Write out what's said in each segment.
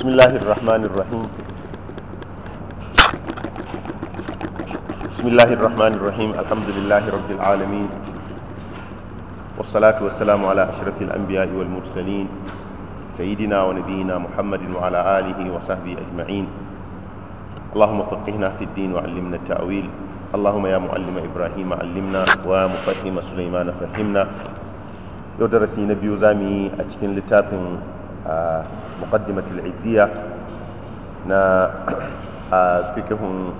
بسم الله الرحمن الرحيم بسم الله الرحمن الرحيم الحمد لله رب العالمين والصلاة والسلام على أشرف الأنبياء والمرسلين سيدنا ونبينا محمد وعلى آله وصحبه أجمعين اللهم فقهنا في الدين وعلمنا التأويل اللهم يا معلم إبراهيم علمنا ومفهم سليمان فهمنا يدرسي نبي زامي أتكن لتابن آه muqaddimatul izziya na fikihun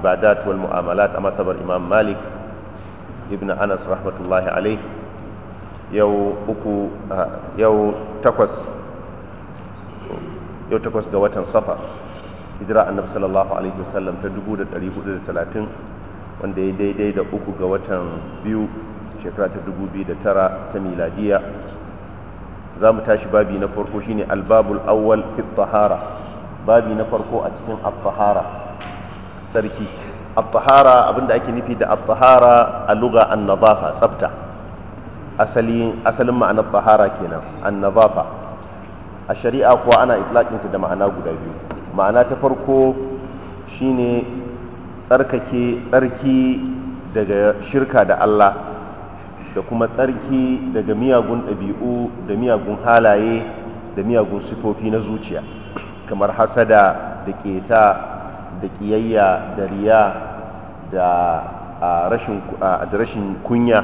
ibadat wal mu'amalat a matsabar imam malik ibn anas rahmatullahi alaih yau takwas ga watan safar hijira annabi sallallahu alaihi wasallam ta 1430 wanda ya daidai da uku ga watan biyu shekara ta tara ta miladiya za mu tashi babi na farko shine albabul awwal fi tahara babi na farko a cikin at-tahara sarki at-tahara abinda ake nufi da at-tahara a lugha an-nadafa tsafta asali asalin ma'ana tahara kenan an-nadafa a shari'a kuwa ana itlaqin ta da ma'ana guda biyu ma'ana ta farko shine tsarkake tsarki daga shirka da Allah da kuma tsarki daga miyagun ɗabi'u da miyagun halaye da miyagun sifofi na zuciya kamar hasada da keta da ƙiyayya da riya da rashin kunya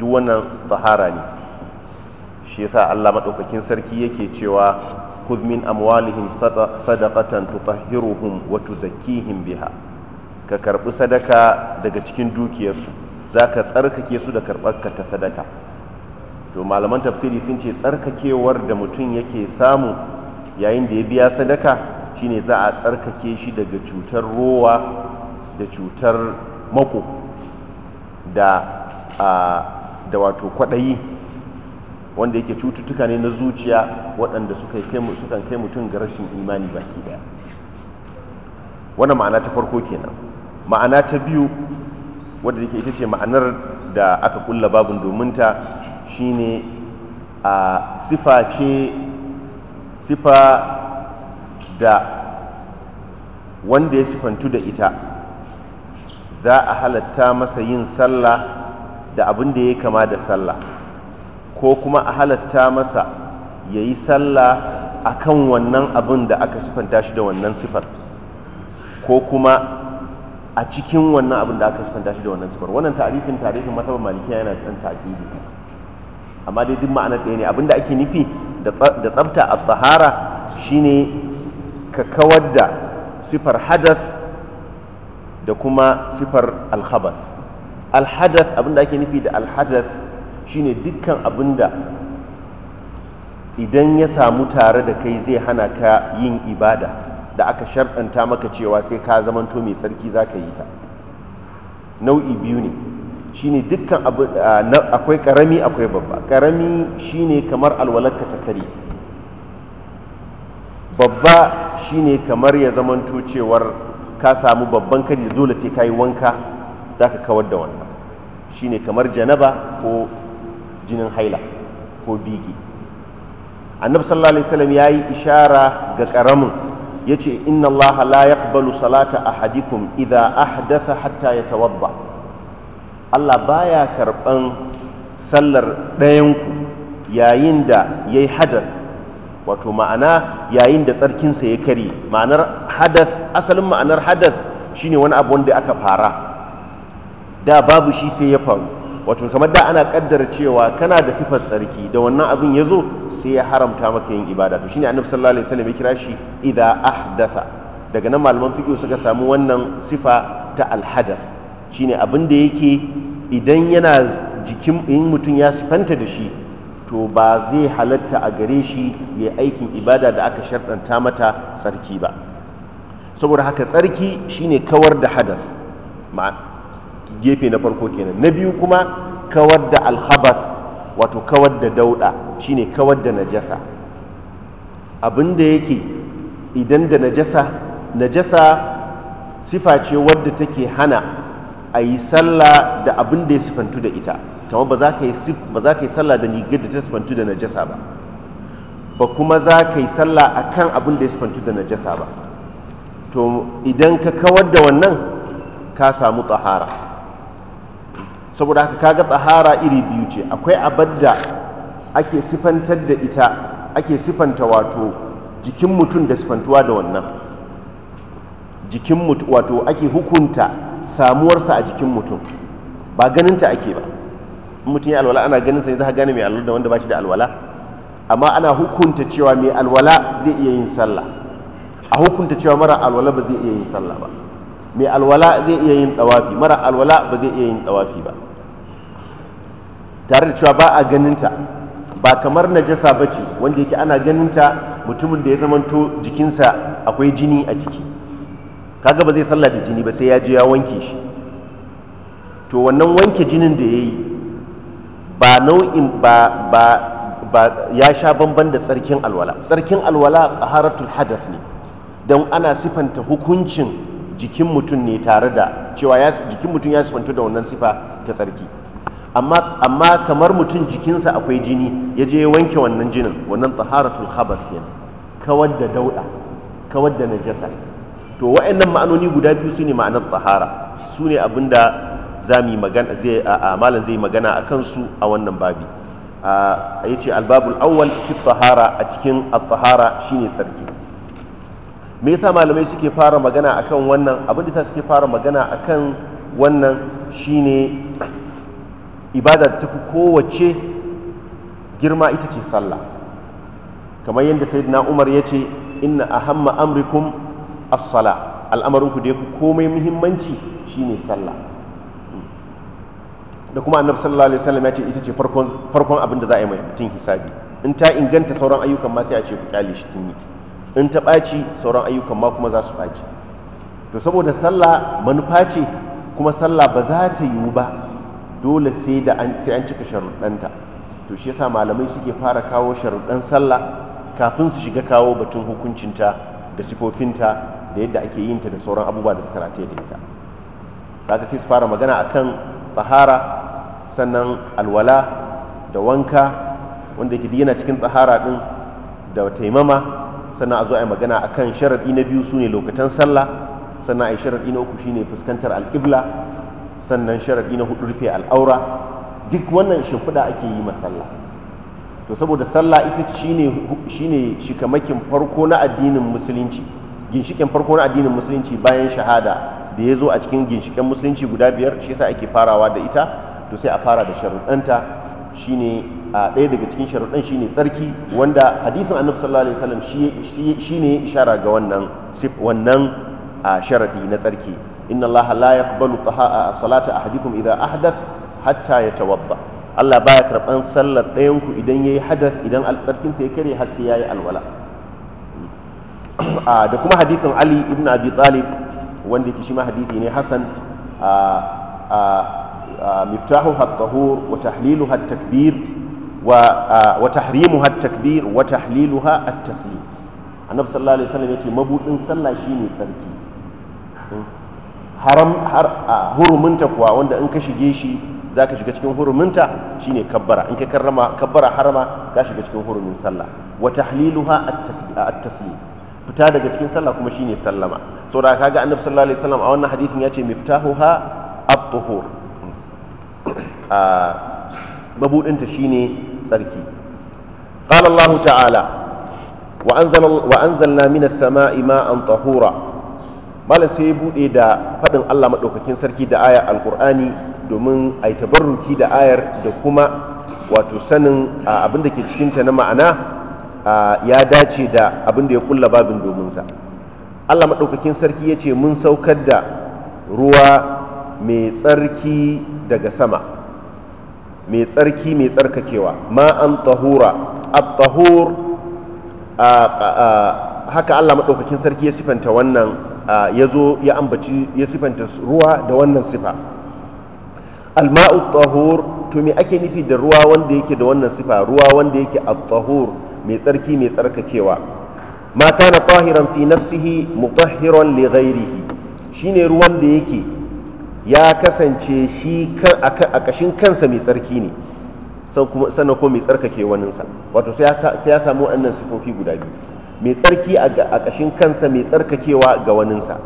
duk wannan tahara ne shi yasa allah maɗaukakin sarki yake cewa kudmin amwalihim sadaqatan tutahhiruhum wa tuzakkihim biha ka karɓi sadaka daga cikin dukiyarsu za ka tsarkake su da karɓarka ta sadaka to malaman tafsiri sun ce tsarkakewar da mutum yake samu yayin da ya biya sadaka shine za a tsarkake shi daga cutar rowa da cutar mako da da wato kwaɗayi wanda yake cututtuka ne na zuciya waɗanda sukan kai mutum ga rashin imani baki ɗaya wannan ma'ana ta farko kenan ma'ana ta biyu wadda yake ita ce ma'anar da aka kulla babin domin ta shine a sifa ce sifa da wanda ya sifantu da ita za a halatta masa yin sallah da abin da ya kama da sallah ko kuma a halatta masa ya yi sallah a kan wannan abin da aka sifanta shi da wannan sifar ko kuma a cikin wannan abin da aka sifanta shi da wannan sifar wannan tarifin tarifin matabar malikiya yana ɗan taƙidi amma dai duk ma'anar ɗaya ne abin da ake nufi da tsafta a tahara shine ka kawar da sifar hadas da kuma sifar alhabas alhadas abin da ake nufi da alhadas shine dukkan abin da idan ya samu tare da kai zai hana ka yin ibada da aka sharɗanta maka cewa sai ka zamanto mai sarki za ka yi ta nau'i biyu ne shi ne dukkan abu akwai karami akwai babba karami ne kamar alwalarka ta kare babba ne kamar ya zamanto cewar ka samu babban kari da dole sai ka yi wanka za ka kawar da wannan ne kamar janaba ko jinin haila ko bigi annabi sallallahu alaihi wasallam ya yi ishara ga karamin yace inna Allah la yaqbalu salata ahadikum idza ahdatha hatta yatawadda Allah baya karɓan sallar ɗayanku yayin da yayi hadar wato ma'ana yayin da tsarkinsa ya kari ma'anar hadath asalin ma'anar hadath shine wani abu wanda aka fara da babu shi sai ya faru wato kamar da ana kaddara cewa kana da sifar tsarki da wannan abin ya zo sai ya haramta maka yin ibada to shine annabi sallallahu alaihi wasallam ya kira shi idza ahdatha daga nan malaman fiqh suka samu wannan sifa ta alhadath shine abin da yake idan yana jikin in mutum ya sifanta da shi to ba zai halatta a gare shi ya aikin ibada da aka sharɗanta mata tsarki ba saboda haka tsarki shine kawar da hadath gefe na farko kenan na biyu kuma kawar da alhabar wato kawar da dauda shine kawar da najasa abin yake idan da najasa najasa sifa ce wadda take hana a yi sallah da abin ya sifantu da ita kama ba za ka yi sallah da nigar da ta sifantu da najasa ba ba kuma za ka yi sallah a kan abin da ya sifantu da najasa ba to idan ka kawar da wannan ka samu tsahara saboda haka kaga tsahara iri biyu ce akwai abadda ake sifantar da ita ake sifanta wato jikin mutum da sifantuwa da wannan jikin mutum wato ake hukunta samuwarsa a jikin mutum ba ganinta ake ba mutum ya alwala ana ganin sai ne za ka gane mai alwala da wanda ba shi da alwala amma ana hukunta cewa mai alwala zai iya yin sallah a hukunta cewa mara alwala ba zai iya yin sallah ba mai alwala zai iya yin dawafi mara alwala ba zai iya yin dawafi ba tare da cewa ba a ganinta ba kamar najasa ba ce wanda yake ana ganinta mutumin da ya zamanto jikinsa akwai jini a jiki kaga ba zai sallah da jini ba sai ya je ya wanke shi to wannan wanke jinin da ya yi ba nau'in ba ba ba ya sha bamban da tsarkin alwala tsarkin alwala qaharatul hadath ne don ana sifanta hukuncin jikin mutum ne tare da cewa jikin mutum ya sifanta da wannan sifa ta tsarki amma kamar mutum jikinsa akwai jini ya je wanke wannan jinin wannan taharatul khabar kenan kawar da dauda kawar da najasa to wa'annan ma'anoni guda biyu su ne ma'anar tahara su ne abinda za mu magana zai a malam zai magana a kansu a wannan babi ya ce albabul awwal fi tahara a cikin at-tahara shine sarki me yasa malamai suke fara magana akan wannan abin da suke fara magana akan wannan shine ibada da fi kowace girma ita ce sallah kamar yadda sayyidina umar ya ce inna hamma amrikum as-sala al'amarinku da ya fi komai muhimmanci shine sallah da kuma annabi sallallahu alaihi wasallam ya ce ita ce farkon abin da za a yi mutum hisabi in ta inganta sauran ayyukan ma sai a ce ku kyale shi sun in ta ɓaci sauran ayyukan ma kuma za su ɓaci to saboda sallah manufa ce kuma sallah ba za ta yiwu ba dole sai da an sai an cika sharuɗanta to shi yasa malamai suke fara kawo sharuɗan sallah kafin su shiga kawo batun hukuncinta da sifofinta da yadda ake yin ta da sauran abubuwa da suka rataye da ita kaga sai su fara magana akan tsahara sannan alwala da wanka wanda yake yana cikin tsahara din da taimama sannan a zo a yi magana akan sharaɗi na biyu su ne lokacin sallah sannan a yi sharaɗi na uku shine fuskantar alƙibla sannan sharaɗi na hudu rufe al'aura duk wannan shimfiɗa ake yi masalla sallah to saboda sallah ita shine ne shikamakin farko na addinin musulunci ginshikin farko na addinin musulunci bayan shahada da ya zo a cikin ginshikin musulunci guda biyar shi yasa ake farawa da ita to sai a fara da sharuɗanta shine a ɗaya daga cikin sharuɗan shine tsarki wanda hadisin annabi sallallahu alaihi wasallam shi ne ishara ga wannan wannan sharaɗi na tsarki inna Allah la yaqbalu salata ahadikum idza ahdath hatta yatawadda Allah baya karban sallar ɗayan ku idan yayi hadath idan altsarkin sai kare har sai yayi alwala da kuma hadithin Ali ibn Abi Talib wanda yake shi ma hadithi ne hasan مفتاحها الطهور وتحليلها التكبير وتحريمها التكبير وتحليلها التسليم النبي صلى الله عليه وسلم يقول مبوط sallah shine tsarki. haram har a huruminta kuwa wanda in ka shige shi za ka shiga cikin huruminta shine kabbara in ka karrama kabbara harama ka shiga cikin hurumin sallah wa tahliluha at-taslim fita daga cikin sallah kuma shine sallama saboda kaga annabi sallallahu alaihi wasallam a wannan hadithin ya ce miftahuha at-tuhur a mabudinta shine tsarki qala Allah ta'ala wa anzalna minas sama'i ma'an tahura malam sai ya buɗe da faɗin allah maɗaukakin sarki da aya alƙur'ani domin a yi tabarruki da ayar da kuma wato sanin abin da ke cikinta na ma'ana ya dace da abin da ya kulla babin dominsa allah maɗaukakin sarki ya ce mun saukar da ruwa mai tsarki daga sama mai tsarki mai tsarkakewa ma'an tahura at-tahur haka allah maɗaukakin sarki ya sifanta wannan ya zo ya ambaci ya sifanta ruwa da wannan sifa alma'u tahur to me ake nufi da ruwa wanda yake da wannan sifa ruwa wanda yake at-tahur mai tsarki mai tsarkakewa ma kana tahiran fi nafsihi mutahhiran li ghairihi shine ruwan da yake ya kasance shi kan a kashin kansa mai tsarki ne sannan ko mai tsarkake waninsa wato sai ya samu wannan sifofi guda biyu mai tsarki a ƙashin kansa mai tsarkakewa ga waninsa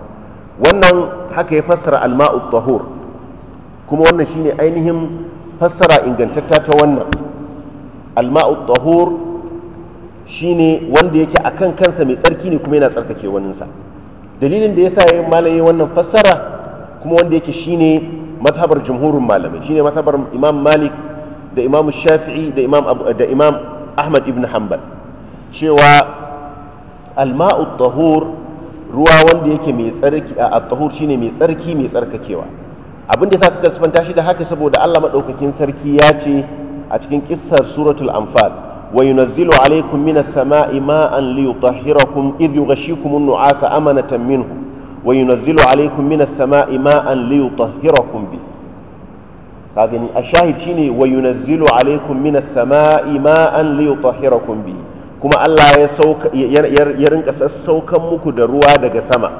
wannan haka ya fassara alma'u tahur kuma wannan shine ainihin fassara ingantatta ta wannan alma'u tahur shine wanda yake a kan kansa mai tsarki ne kuma yana tsarkake waninsa dalilin da ya sa ya malaye wannan fassara kuma wanda yake shine mazhabar jumhurin malamai shine mazhabar imam malik da imam shafi'i da imam ahmad ibn hanbal cewa alma'u tahur ruwa wanda yake mai tsarki a tahur shine mai tsarki mai tsarkakewa abin da yasa suka sifanta shi da haka saboda Allah madaukakin sarki ya ce a cikin kissar suratul anfal wa yunazzilu alaykum minas sama'i ma'an liyutahhirakum idh yughashshikum an-nu'asa amanatan minhu wa yunazzilu alaykum minas sama'i ma'an liyutahhirakum bihi ka gani a shahid shine wa yunazzilu alaikum minas sama'i ma'an li yutahhirakum bihi kuma Allah ya sauka ya rinka sassaukan muku da ruwa daga sama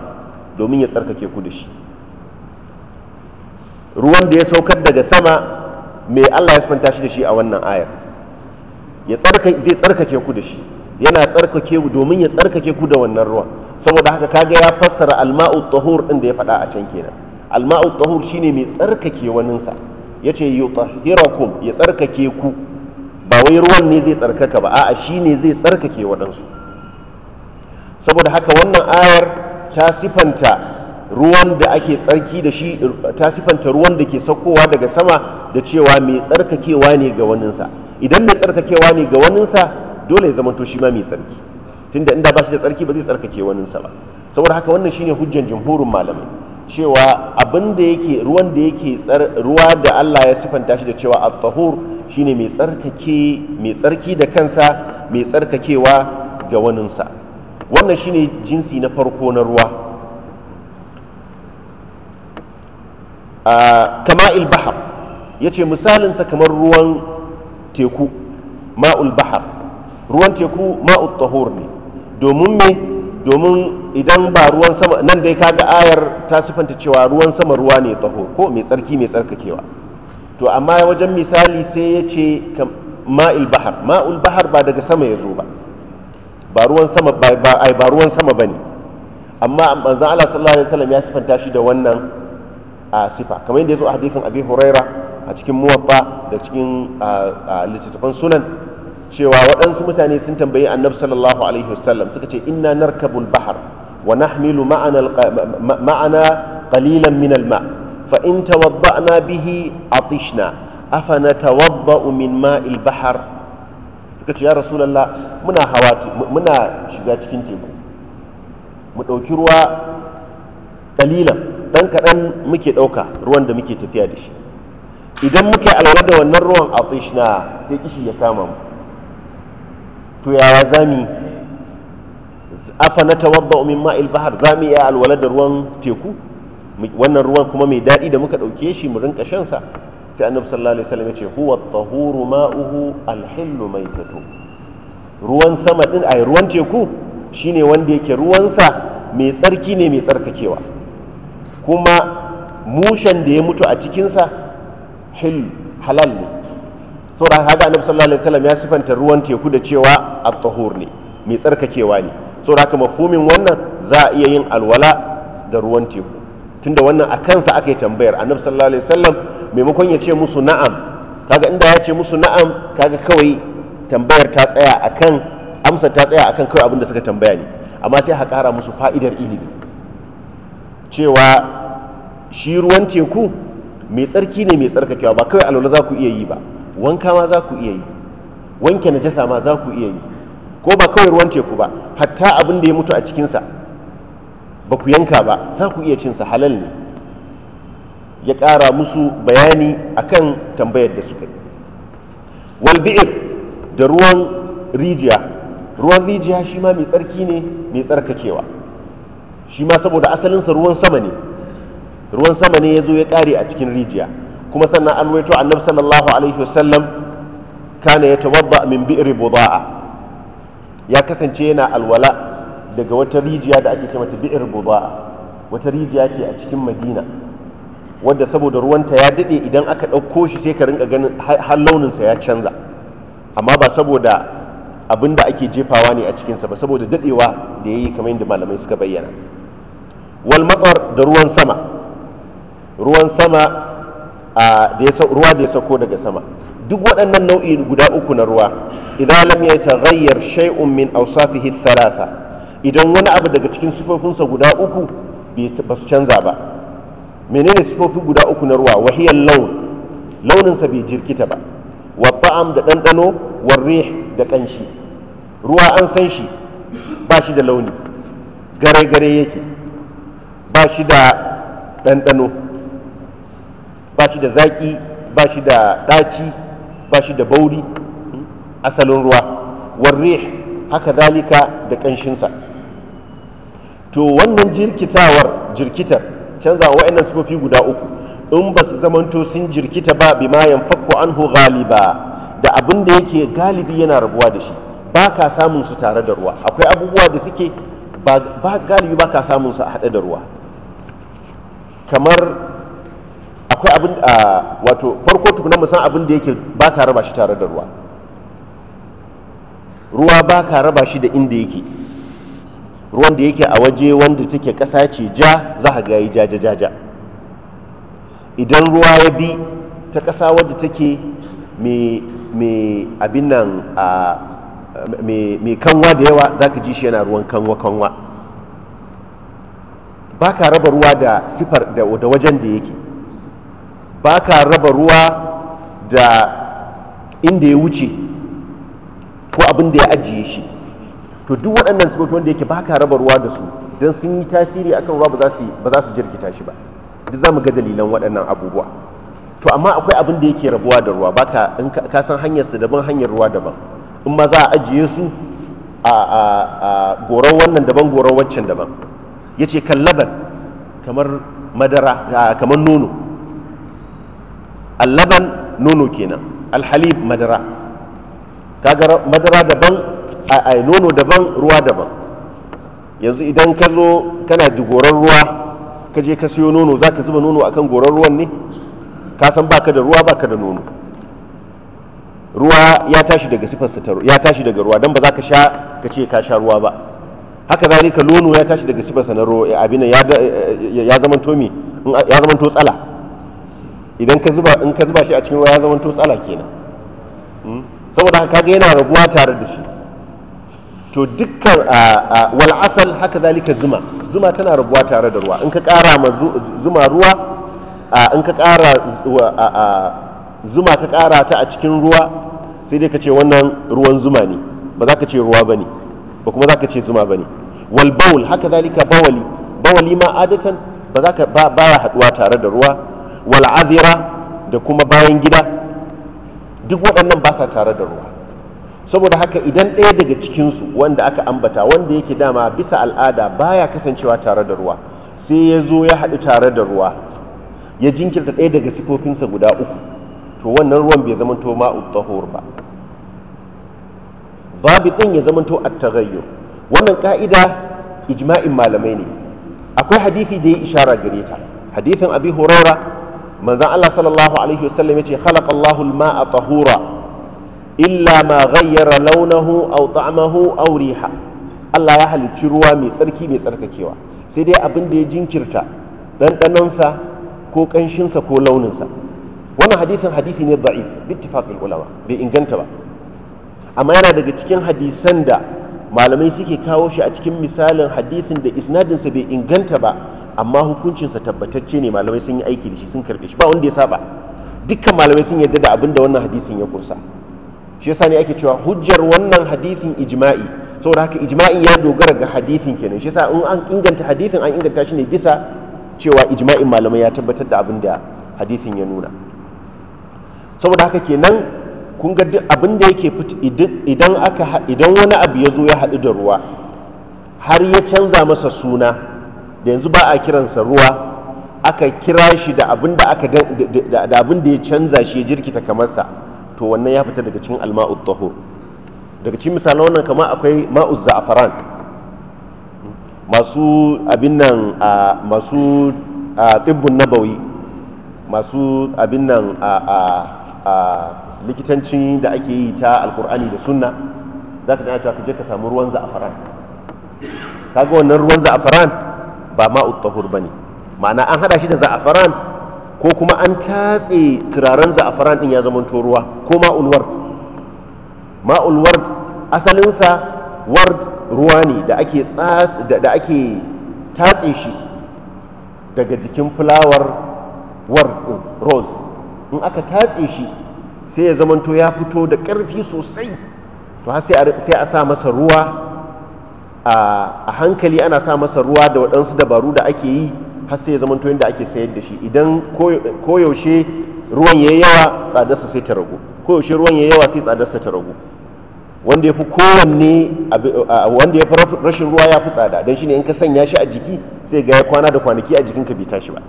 domin ya tsarkake ku da shi ruwan da ya saukar daga sama me Allah ya sifanta shi da shi a wannan ayar ya zai tsarkake ku da shi yana tsarkake ku domin ya tsarkake ku da wannan ruwan saboda haka kaga ya fassara alma'u tahur din da ya faɗa a can kenan alma'u tahur shine mai tsarkake waninsa yace yutahhirakum ya tsarkake ku ba wai ruwan ne zai tsarkaka ba a'a shi ne zai tsarkake waɗansu saboda haka wannan ayar ta sifanta ruwan da ake tsarki da shi ta sifanta ruwan da ke saukowa daga sama da cewa mai tsarkakewa ne ga waninsa idan mai tsarkakewa ne ga waninsa dole ya zamanto shi ma mai tsarki tunda inda ba shi da tsarki ba zai tsarkake waninsa ba saboda haka wannan shine hujjan jamhurin malamai cewa abin da yake ruwan da yake ruwa da Allah ya sifanta shi da cewa at-tahur shine mai tsarkake mai tsarki da kansa mai tsarkakewa ga waninsa wannan shine jinsi na farko na ruwa kama ilbahar ya ce misalinsa kamar ruwan teku ma'ul bahar ruwan teku ma'ul tahor ne domin me domin idan ba ruwan sama nan dai kaga ayar ta sifanta cewa ruwan sama ruwa ne taho ko mai tsarki mai tsarkakewa to amma wajen misali sai ya ce ma'il bahar ma'ul bahar ba daga sama ya zo ba ba ruwan sama ba ai ba ruwan sama bane amma manzon Allah sallallahu alaihi wasallam ya sifanta shi da wannan a sifa kamar yadda ya zo a hadisin Abi Huraira a cikin muwaffa da cikin littattafan sunan cewa waɗansu mutane sun tambayi annabi sallallahu alaihi wasallam suka ce inna narkabul bahar wa nahmilu ma'ana ma'ana qalilan min al-ma' fa in tawadda'na bihi atishna afa natawadda'u min ma'il bahar suka ce ya rasulullah muna muna shiga cikin teku mu ɗauki ruwa dalilan dan kaɗan muke ɗauka ruwan da muke tafiya da shi idan muka alwa da wannan ruwan atishna sai kishi ya kama mu to yaya bahar zami iya alwala da ruwan teku wannan ruwan kuma mai daɗi da muka ɗauke shi mu rinka shansa, sai annabi sallallahu alaihi wasallam ya ce huwa tahuru ma'uhu alhillu maitatu ruwan sama din ai ruwan teku shine wanda yake ruwansa mai tsarki ne mai tsarkakewa kuma mushen da ya mutu a cikinsa hil halal ne saboda haka annabi sallallahu alaihi wasallam ya sifanta ruwan teku da cewa at-tahur ne mai tsarkakewa ne saboda haka mafhumin wannan za a iya yin alwala da ruwan teku tunda wannan a kansa aka yi tambayar annabi sallallahu alaihi wasallam maimakon ya ce musu na'am kaga inda ya ce musu na'am kaga kawai tambayar ta tsaya kan amsar ta tsaya akan kawai abin da suka tambaya ne amma sai ha kara musu fa'idar ilimi cewa shi ruwan teku mai tsarki ne mai tsarkakewa ba kawai alwala za ku iya yi ba wanka ma za ku iya yi wanke najasa ma za ku iya yi ko ba kawai ruwan teku ba hatta abin da ya mutu a cikinsa ba ku yanka ba za ku iya cinsa halal ne ya ƙara musu bayani akan tambayar da suka yi walbi'ir da ruwan rijiya ruwan rijiya shi ma mai tsarki ne mai tsarkakewa shi ma saboda asalinsa ruwan sama ne ruwan sama ne ya zo ya ƙare a cikin rijiya kuma sannan an waito annabi sallallahu alaihi wasallam kana ya tawadda min bi'ri buda'a ya kasance yana alwala daga wata rijiya da ake ce mata bi'ir buba wata rijiya ce a cikin madina wadda saboda ruwanta ya daɗe idan aka ɗauko shi sai ka rinka ganin har launinsa ya canza amma ba saboda abin da ake jefawa ne a cikinsa ba saboda daɗewa da ya yi kamar yadda malamai suka bayyana wal matsar da ruwan sama ruwan sama ruwa da ya sauko daga sama duk waɗannan nau'i guda uku na ruwa idan lam tagayyar shay'un min awsafihi thalatha idan wani abu daga cikin sifofinsa guda uku ba su canza ba menene sifofi guda uku na ruwa wahiyar laun launinsa bai jirkita ba wa ta'am da ɗanɗano warre da ƙanshi ruwa an san shi ba shi da launi gare-gare yake ba shi da ɗanɗano ba shi da zaƙi ba shi da ɗaci ba shi da bauri hmm? asalin ruwa warre haka zalika da ƙanshinsa to wannan jirkitawar jirkitar canza wa'annan sufofi guda uku in ba su zamanto sun jirkita ba bi ma an anhu ghaliba da abin da yake galibi yana rabuwa da shi ba ka samun su tare da ruwa akwai abubuwa da suke ba galibi ba ka samun su a haɗe da ruwa kamar akwai abin a wato farko tukuna musan abin da yake ba ka raba shi tare da ruwa ruwa ba ka raba shi da inda yake ruwan da yake a waje wanda take kasa ce ja za ga gayi jaja idan ruwa ya bi ta kasa wadda take mai abin nan a mai kanwa da yawa za ka ji shi yana ruwan kanwa kanwa ba ka raba ruwa da sifar da wajen da yake ba ka raba ruwa da inda ya wuce ko abin da ya ajiye shi to duk waɗannan sifofi wanda yake baka raba ruwa da su don sun yi tasiri akan ruwa ba za su jirkita shi ba duk zamu ga dalilan waɗannan abubuwa to amma akwai abin da yake rabuwa da ruwa baka in ka san hanyar su daban hanyar ruwa daban in ma za a ajiye su a a goron wannan daban goron waccan daban yace kallaban kamar madara kamar nono allaban nono kenan alhalib madara kaga madara daban a nono daban ruwa daban yanzu idan ka zo kana da goron ruwa ka je ka siyo nono za ka zuba nono akan goron ruwan ne ka san baka da ruwa baka da nono ruwa ya tashi daga sifarsa ta ya tashi daga ruwa dan ba za ka sha ka ce ka sha ruwa ba haka zalika nono ya tashi daga sifarsa na ruwa abin ya ya zama to mi ya zama to tsala idan ka zuba in ka zuba shi a cikin ruwa ya zama to tsala kenan hmm? saboda haka ga yana raguwa tare da shi to dukkan wal asal haka zalika zuma zuma tana rabuwa tare da ruwa in ka kara ma zuma ruwa in ka kara zuma ka kara ta a cikin ruwa sai dai ka ce wannan ruwan zuma ne ba za ka ce ruwa bane ba kuma za ka ce zuma bane wal bawl haka zalika bawali bawali ma adatan ba za ka ba ya haduwa tare da ruwa wal azira da kuma bayan gida duk waɗannan ba sa tare da ruwa saboda haka idan ɗaya daga cikinsu wanda aka ambata wanda yake dama bisa al'ada baya kasancewa tare da ruwa sai ya zo ya haɗu tare da ruwa ya jinkirta ɗaya daga sifofinsa guda uku to wannan ruwan bai to ma'ud tahur ba babu ɗin ya zamanto attagayyo wannan ƙa'ida ijma'in malamai ne akwai hadithi da ya ishara gare ta hadithin abi huraira manzon Allah sallallahu alaihi wasallam yace khalaqallahu al-ma'a tahura illa ma ghayyara launahu aw ta'amahu aw riha Allah ya halicci ruwa mai tsarki mai tsarkakewa sai dai abin da ya jinkirta ɗanɗanonsa ko ƙanshinsa ko launinsa wannan hadisin hadisi ne da'if ittifaqil ulama bai inganta ba amma yana daga cikin hadisan da malamai suke kawo shi a cikin misalin hadisin da isnadin sa bai inganta ba amma hukuncinsa tabbatacce ne malamai sun yi aiki da shi sun karbe shi ba wanda ya saba dukkan malamai sun yarda da abin da wannan hadisin ya kursa shi yasa ne ake cewa hujjar wannan hadithin ijma'i saboda haka ijma'i ya dogara ga hadithin kenan shi yasa in an inganta hadithin an inganta shi ne bisa cewa ijma'in malamai ya tabbatar da abin da hadithin ya nuna saboda haka kenan kun ga duk abin da yake idan aka idan wani abu ya zo ya haɗu da ruwa har ya canza masa suna da yanzu ba a kiransa ruwa aka kira shi da abin da aka da abin da ya canza shi ya jirkita sa to wannan ya fita daga cikin alma'u tahur daga cikin misalan wannan kama akwai ma'u za'afaran masu abin nan a masu tibbun nabawi masu abin nan a likitancin da ake yi ta alkur'ani da sunna za ka tana cewa ka samu ruwan za'afaran kaga wannan ruwan za'afaran ba ma'ud ba ne ma'ana an hada shi da za'afaran ko kuma an tatse turaren za'afaran din ya zamanto ruwa ko ma'ulwar ma'ulwar asalinsa ward ruwa ne da ake da tatse shi daga jikin fulawar ward rose in aka tatse shi sai ya zamanto ya fito da ƙarfi sosai to sai a sa masa ruwa a hankali ana sa masa ruwa da waɗansu dabaru da ake yi har sai ya zama to da ake sayar da shi idan koyaushe ruwan ya yi yawa tsadarsa sai ta ragu koyaushe ruwan ya yawa sai tsadarsa ta ragu wanda ya fi kowanne wanda ya fi rashin ruwa ya fi tsada don shi ne in ka sanya shi a jiki sai ga ya kwana da kwanaki a jikinka bai tashi ba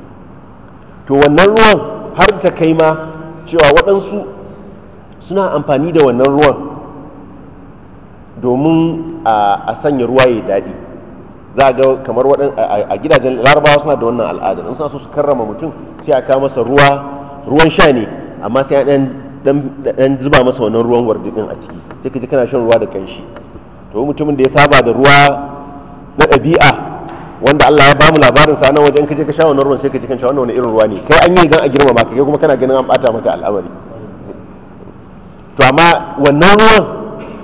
to wannan ruwan har ta kai ma cewa waɗansu suna amfani da wannan ruwan domin a sanya ruwa ya daɗi za ga kamar waɗin a gidajen larabawa suna da wannan al'ada in suna so su karrama mutum sai a kawo masa ruwa ruwan sha ne amma sai a ɗan zuba masa wannan ruwan wardi a ciki sai ka ji kana shan ruwa da kanshi to mutumin da ya saba da ruwa na ɗabi'a wanda Allah ya bamu labarin sa nan wajen kaje ka sha wannan ruwan sai ka ji kanka wannan wani irin ruwa ne kai an yi dan a girmama ka kai kuma kana ganin an bata maka al'amari to amma wannan ruwan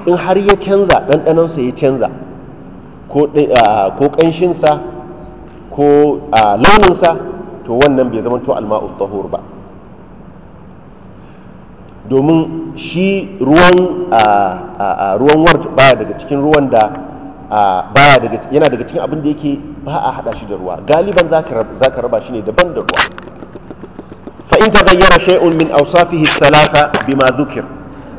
in har ya canza ɗanɗanonsa ya canza ko ƙanshinsa ko launinsa to wannan bai zama to alma'ul tahur ba domin shi ruwan ruwan ward baya daga cikin ruwan da baya daga yana daga cikin abin da yake ba a hada shi da ruwa galiban za ka raba shi ne daban da ruwa fa in tagayyara shay'un min awsafihi thalatha bima dhukir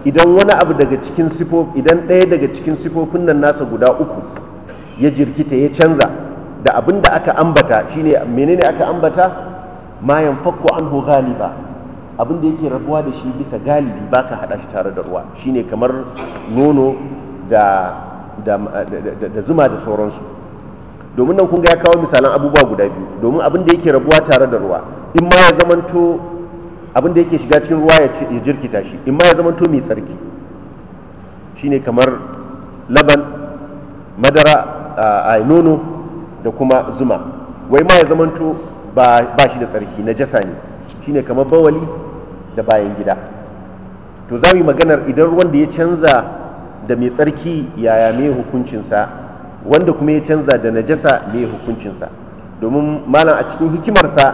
idan wani abu daga cikin sifofi idan ɗaya daga cikin sifofin nan nasa guda uku ya jirkita ya canza da abin da aka ambata shine menene aka ambata ma fakko an ghaliba abin da yake rabuwa da shi bisa galibi baka hada shi tare da ruwa shine kamar nono da da, zuma da sauransu domin nan kun ya kawo misalan abubuwa guda biyu domin abin da yake rabuwa tare da ruwa in ma ya zamanto abin da yake shiga cikin ruwa ya jirkita shi in ma ya zamanto mai tsarki shine kamar laban madara a nono da kuma zuma wai ma ya zamanto ba shi da tsarki na jasa ne shine kamar bawali da bayan gida to za mu yi maganar idan ruwan ya canza da mai tsarki yaya mai hukuncinsa wanda kuma ya canza da najasa mai hukuncinsa domin malam a cikin hikimarsa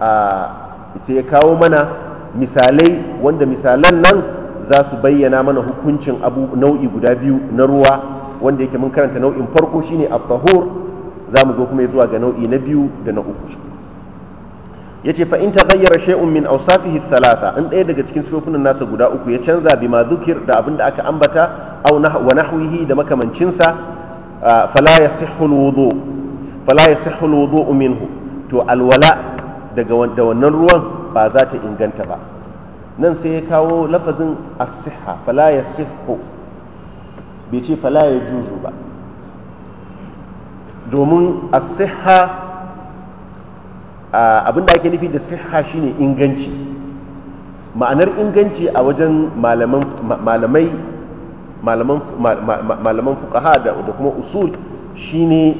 a sai ya kawo mana misalai wanda misalan nan za su bayyana mana hukuncin abu nau'i guda biyu na ruwa wanda yake mun karanta nau'in farko shine at-tahur za mu zo kuma zuwa ga nau'i na biyu da na uku yace fa in taghayyara shay'un min awsafihi thalatha in ɗaya daga cikin sifofin nasa guda uku ya canza bima dhukir da abinda aka ambata aw wa nahwihi da makamancinsa fala yasihhu alwudu fala yasihhu alwudu minhu to alwala daga da wannan ruwan ba za ta inganta ba nan sai ya kawo lafazin as-sihha fala yasihhu bai ce fala ya juzu ba domin a siha abinda ake nufi da siha shine inganci ma'anar inganci a wajen malamai malaman fukaha da kuma usul shine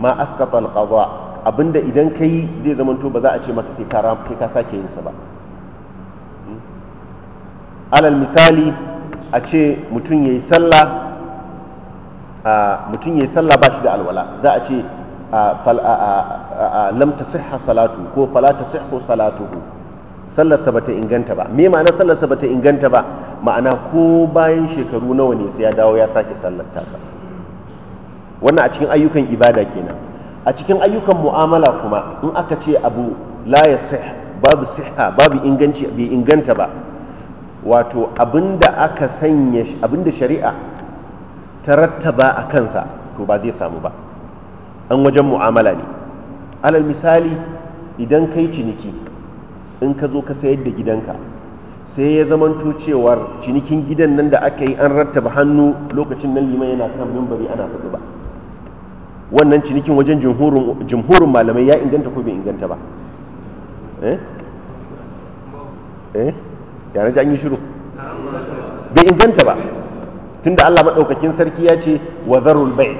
ma askatar alqada abinda idan ka yi zai zamanto ba za a ce maka sai ka sake yin sa ba hmm? alal misali a ce mutum ya yi sallah mutum ya yi sallah ba shi da alwala za a ce lam siha salatu ko fala salatu ko sallarsa ta inganta ba me ma'ana sallarsa ta inganta ba ma'ana ko bayan shekaru nawa ne sai ya dawo ya sake sallar tasa wannan a cikin ayyukan ibada kenan a cikin ayyukan mu'amala kuma in aka ce abu la siha babu siha babu inganci bai inganta ba wato abinda aka sanya abinda shari'a ta ba a kansa to ba zai samu ba an wajen mu'amala ne alal misali idan kai ciniki in ka zo ka sayar da gidanka sai ya zamanto cewar cinikin gidan nan da aka yi an rattaba hannu lokacin nan liman yana kan mimbari ana faɗi ba wannan cinikin wajen jimhurin malamai ya inganta ko bai inganta ba eh eh yana ji an yi shiru bai inganta ba tunda Allah maɗaukakin sarki ya ce wa zarul bai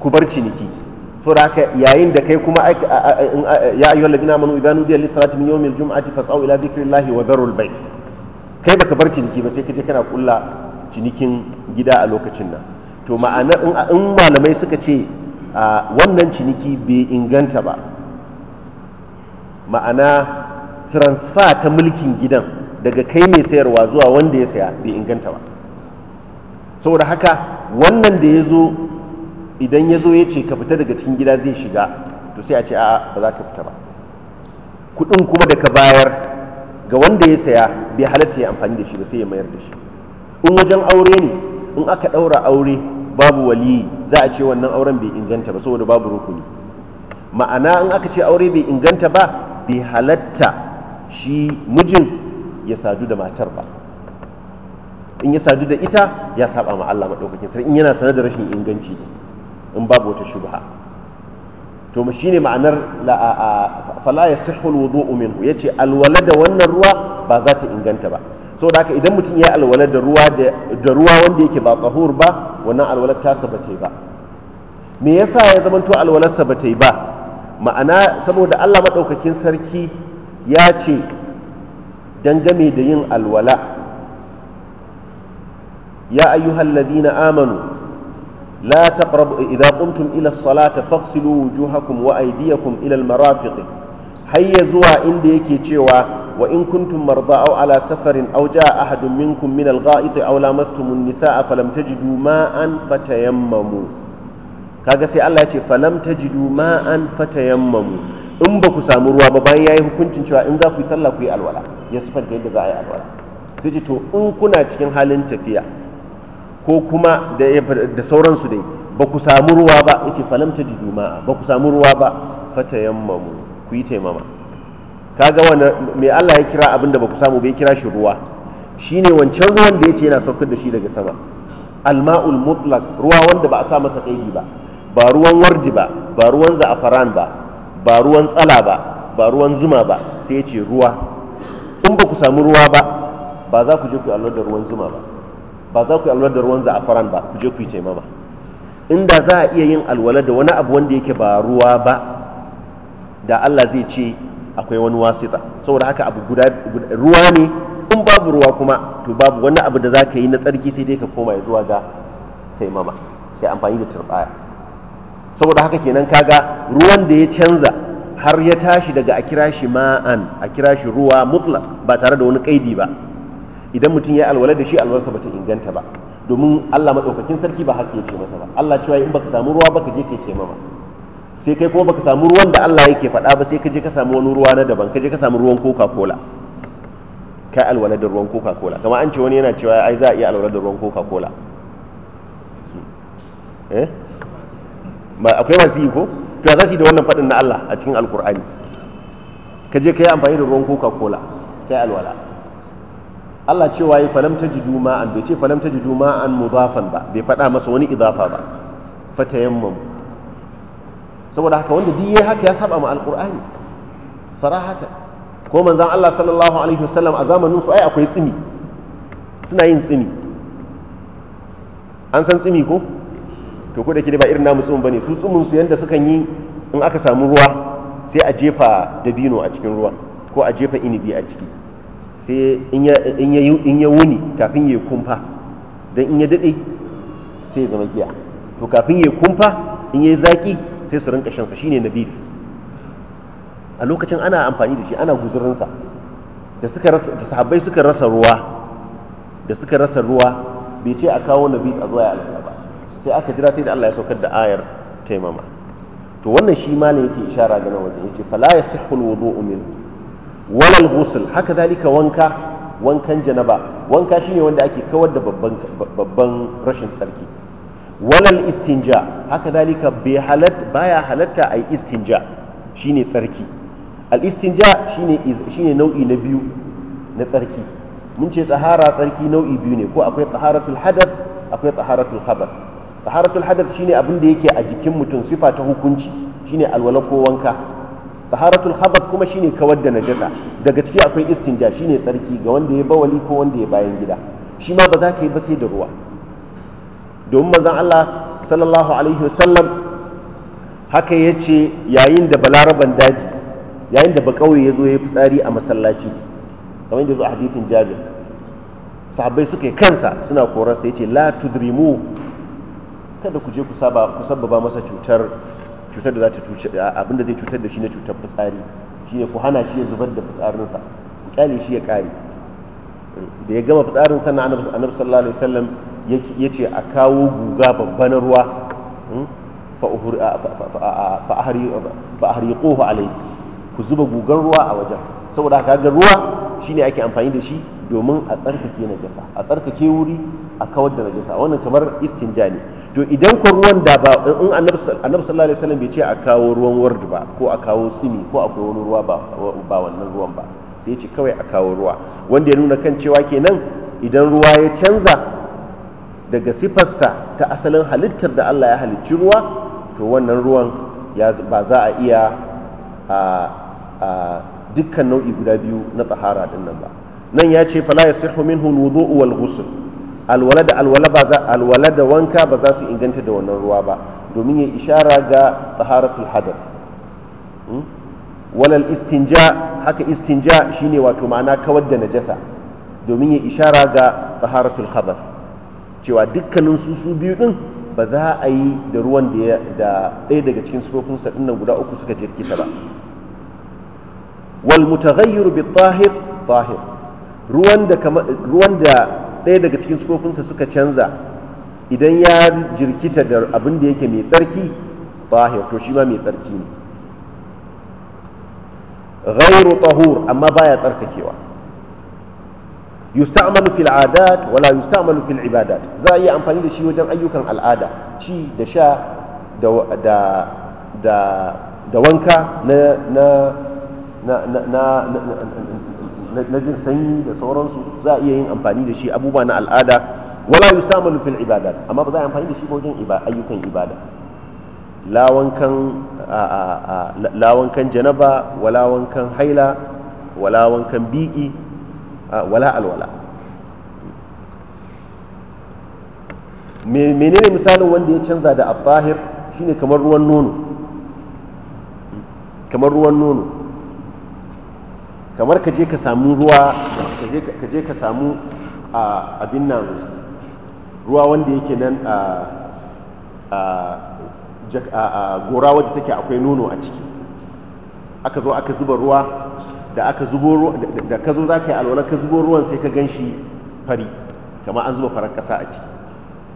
ku bar ciniki to da haka yayin da kai kuma ya ayyuhal ladina amanu idan nudiya lis salati min yawmil jum'ati fas'au ila dhikrillahi wa zarul bai kai baka bar ciniki ba sai kaje kana kulla cinikin gida a lokacin nan to ma'ana in malamai suka ce wannan ciniki bai inganta ba ma'ana transfer ta mulkin gidan daga kai mai sayarwa zuwa wanda ya saya bai inganta ba saboda haka wannan da ya zo idan ya zo ya ce ka fita daga cikin gida zai shiga to sai a ce a'a ba za ka fita ba kuɗin kuma da ka bayar ga wanda ya saya bai halatta ya amfani da shi ba sai ya mayar da shi in wajen aure ne in aka ɗaura aure babu waliyi za a ce wannan auren bai inganta ba saboda babu rukuni ma'ana in aka ce aure bai inganta ba bai halatta shi mijin ya sadu da matar ba in ya sadu da ita ya saba ma Allah maɗaukakin sarki in yana sanar da rashin inganci in babu wata shubha to mu shine ma'anar la fala yasihhu alwudu'u minhu yace alwala da wannan ruwa ba za ta inganta ba saboda haka idan mutum ya alwala da ruwa da ruwa wanda yake ba tahur ba wannan alwalar ta sabatai ba me yasa ya zamanto alwalar sabatai ba ma'ana saboda Allah maɗaukakin sarki ya ce dangame da yin alwala يا أيها الذين آمنوا لا تقربوا إذا قمتم إلى الصلاة فاغسلوا وجوهكم وأيديكم إلى المرافق هيا زوا إن ديكي وإن كنتم مرضى أو على سفر أو جاء أحد منكم من الغائط أو لامستم النساء فلم تجدوا ماء فتيمموا kaga sai Allah ya ce falam tajidu ma an fatayammamu in ba ku samu ruwa ba bayan yayi hukuncin cewa in za ku yi sallah ku yi alwala ya sufa da yadda za a yi alwala sai to in kuna cikin halin tafiya ko kuma da sauransu dai ba ku samu ruwa ba yace falamta jidu ma'a ba ku samu ruwa ba yammamu ku yi taimama kaga wani me Allah ya kira abinda ba ku samu bai kira shi ruwa shine wancan ruwan da ya ce yana saukar da shi daga sama alma'ul mutlak ruwa wanda ba a sa masa kaidi ba ba ruwan wardi ba ba ruwan za'afaran ba ba ruwan tsala ba ba ruwan zuma ba sai ya ce ruwa in ba ku samu ruwa ba ba za ku je ku allo da ruwan zuma ba ba za ku yi alwala da ruwan za'afaran ba ku je ku yi taimama inda za a iya yin alwala da wani abu wanda yake ba ruwa ba da Allah zai ce akwai wani wasita saboda haka abu guda ruwa ne in babu ruwa kuma to babu wani abu da za ka yi na tsarki sai dai ka koma zuwa ga taimama ya amfani da turbaya saboda haka kenan kaga ruwan da ya canza har ya tashi daga a kira shi ma'an a kira shi ruwa mutlak ba tare da wani kaidi ba idan mutum ya alwala da shi alwalarsa bata inganta ba domin Allah madaukakin sarki ba haka ce masa ba Allah cewa in baka samu ruwa baka je kai ba sai kai kuma baka samu ruwan da Allah yake faɗa ba sai ka je ka samu wani ruwa na daban ka je ka samu ruwan Coca-Cola kai alwala da ruwan Coca-Cola kamar an ce wani yana cewa ai za a iya alwala da ruwan Coca-Cola eh akwai masu yi ko to za su yi da wannan faɗin na Allah a cikin alkur'ani ka je ka yi amfani da ruwan coca cola ka yi alwala Allah cewa yi falam tajidu ma'an bai ce falam tajidu ma'an mudafan ba bai faɗa masa wani idafa ba fatayammam saboda haka wanda duk yayi haka ya saba ma alqur'ani sarahata ko manzon Allah sallallahu alaihi wasallam a zamanin su ai akwai tsimi suna yin tsimi an san tsimi ko to ko da ba irin namu tsimin bane su tsimin su yanda sukan yi in aka samu ruwa sai a jefa dabino a cikin ruwa ko a jefa inibi a ciki sai in ya wuni kafin ya kumfa don in ya daɗe sai ya zama giya to kafin ya kumfa in ya yi zaƙi sai su rinka shansa shine nabif a lokacin ana amfani da shi ana guzurinsa da sahabbai suka rasa ruwa da suka rasa ruwa bai ce a kawo na nabif a zuwa ya ba sai aka jira sai da Allah ya saukar da ayar taimama to wannan shi ma ne yake ishara ga nan wajen yace fala yasihhu wudu'u minhu walal gusul haka zalika wanka wankan janaba wanka shine wanda ake kawar da babban babban rashin sarki walal istinja haka zalika bai baya halatta ai istinja shine tsarki al istinja shine shine nau'i na biyu na tsarki mun ce tsahara tsarki nau'i biyu ne ko akwai tsaharatul hadath akwai tsaharatul khabar taharatul hadath shine abin da yake a jikin mutum sifa ta hukunci shine alwala ko wanka taharatul khabar kuma shine kawar da najasa daga ciki akwai istinja shine tsarki ga wanda ya bawali ko wanda ya bayan gida shi ma ba za ka yi ba sai da ruwa domin manzon Allah sallallahu alaihi wasallam haka ya ce yayin da balaraban daji yayin da ba kauye ya zo ya fitsari a masallaci kamar yadda zo a hadithin jabir sahabbai suka yi kansa suna korarsa ya ce la tudrimu kada ku je ku saba ba masa cutar cutar da za ta abinda zai cutar da shi na cutar fitsari shine ku hana shi ya zubar da fitsarinsa ku kyale shi ya kare da ya gama fitsarin na annabi sallallahu alaihi wasallam ya ce a kawo guga babban ruwa fa ahriquhu alai ku zuba gugar ruwa a wajen saboda haka ga ruwa shine ake amfani da shi domin a tsarkake najasa a tsarkake wuri a kawar da najasa wannan kamar istinja ne to idan ko ruwan da ba in annabi sallallahu alaihi wasallam bai ce a kawo ruwan ward ba ko a kawo simi ko akwai wani ruwa ba wannan ruwan ba sai ce kawai a kawo ruwa wanda ya nuna kan cewa kenan idan ruwa ya canza daga sifarsa ta asalin halittar da Allah ya halicci ruwa to wannan ruwan ba za a iya a dukkan nau'i guda biyu na tsahara din nan ba nan ya ce fala yasihu minhu alwudu wal ghusl alwala da alwala ba za alwala da wanka ba za su inganta da wannan ruwa ba domin ya ishara ga taharatul hadar hmm? walal istinja haka istinja shine wato ma'ana kawar da najasa domin ya ishara ga taharatul khabath cewa dukkanin su su biyu din ba za a yi da ruwan da ɗaya daga cikin sufofin sa dinnan guda uku suka jirkita ba wal mutaghayyir bi tahir tahir ruwan da ɗaya daga cikin sufofinsa suka canza idan ya jirkita da abin da yake mai tsarki tahir to shi ma mai tsarki ne ghairu tahur amma baya tsarkakewa yusta'malu fil adat wala yusta'malu fil ibadat za a yi amfani da shi wajen ayyukan al'ada ci da sha da wanka na na jin sanyi da sauransu za a iya yin amfani da shi abubuwa na al'ada wala yustamalu fil ibada amma ba za a amfani da shi ba wajen ayyukan ibada lawankan lawankan janaba wala wankan haila wala wankan biki wala alwala menene misalin wanda ya canza da abahir shine kamar ruwan nono kamar ruwan nono kamar ka je ka samu ruwa ka je ka samu abin nan ruwa wanda yake nan a gora wadda take akwai nono a ciki aka zo aka zuba ruwa da aka zubo da ka zo za ka yi alwala ka zubo ruwan sai ka gan shi fari kamar an zuba farar ƙasa a ciki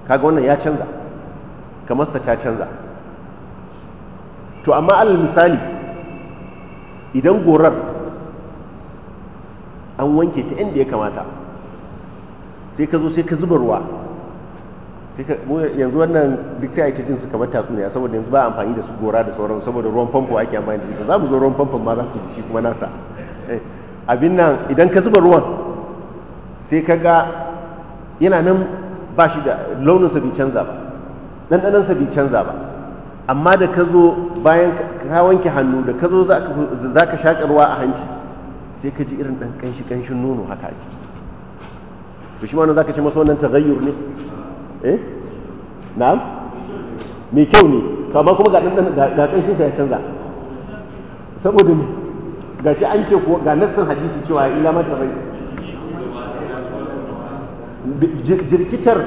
kaga wannan ya canza kamar sa ta canza to amma alal misali idan gorar an wanke ta inda ya kamata sai ka zo sai ka zuba ruwa yanzu wannan duk sai a yi ta jin su kamar tatsuniya saboda yanzu ba amfani da su gora da sauran saboda ruwan famfo ake amfani da shi za mu zo ruwan famfo ma za ku ji shi kuma nasa eh, abin nan idan ka zuba ruwan sai ka ga yana nan ba shi da launinsa bai canza ba ɗanɗanansa bai canza ba amma da ka zo bayan ka wanke hannu da ka zo za ka shaƙa ruwa a hanci sai ka ji irin ɗan ƙanshi ƙanshin nono haka a ciki to shi ma za ka ce masa wannan tagayyur ne eh na'am mai kyau ne to amma kuma ga ɗan ga ƙanshin sa ya canza saboda ne ga shi an ce ko ga nassin hadisi cewa ila mata bai jirkitar